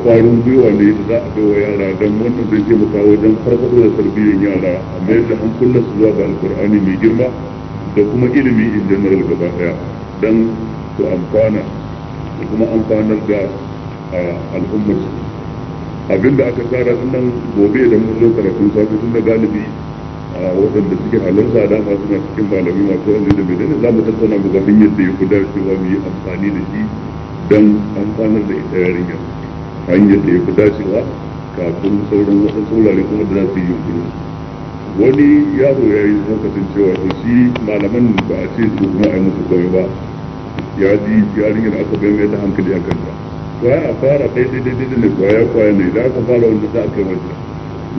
kwarin gwiwa ne da za a bai wa yara don wannan zai ke taimaka wajen farfaɗo da tarbiyyar yara a mayar da hankulan su zuwa ga alkur'ani mai girma da kuma ilimi in general gaba daya don su amfana da kuma amfanar da al'ummar su abinda aka tara tsara nan gobe da mun zo karatun safi tun da galibi a waɗanda suke halarta da masu na cikin malami masu wani da menene za mu tattauna mu ga hanyar da ya fi dacewa mu yi amfani da shi don amfanar da ita yarinyar hanyar da ya fi dacewa kafin sauran waɗansu wurare kuma da za su yi yunkurin wani yaro ya yi lokacin cewa to shi malaman ba a ce su kuma a yi musu kawai ba ya ji yarinyar aka bayan mai ta hankali a kanta kwaya a fara daidai daidai ne kwaya kwaya ne da aka fara wanda za a kai wajen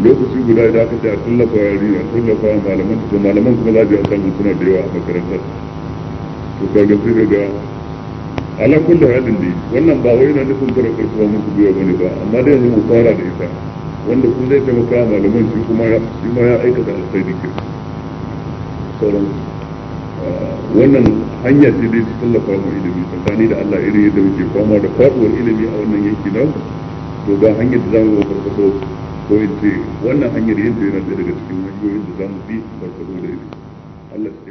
lokaci guda da aka ce a tallafa a tallafa malaman to malaman kuma za a ji a samu suna da yawa a makarantar to kaga sai daga ala kulli halin dai wannan ba wai na nufin kar karfafa musu gwiwa bane ba amma dai yanzu mu fara da ita wanda kun zai taimaka wa malaman shi kuma ya shi ma ya aikata alkhairi ke sauran ah, wannan hanya ce dai su tallafa mu ilimi tsakani da Allah irin yadda muke fama da faduwar ilimi a wannan yanki na to ga hanyar da zamu farfado ko in ce wannan hanyar yadda yana daga cikin hanyoyin da zamu bi farfado da ita Allah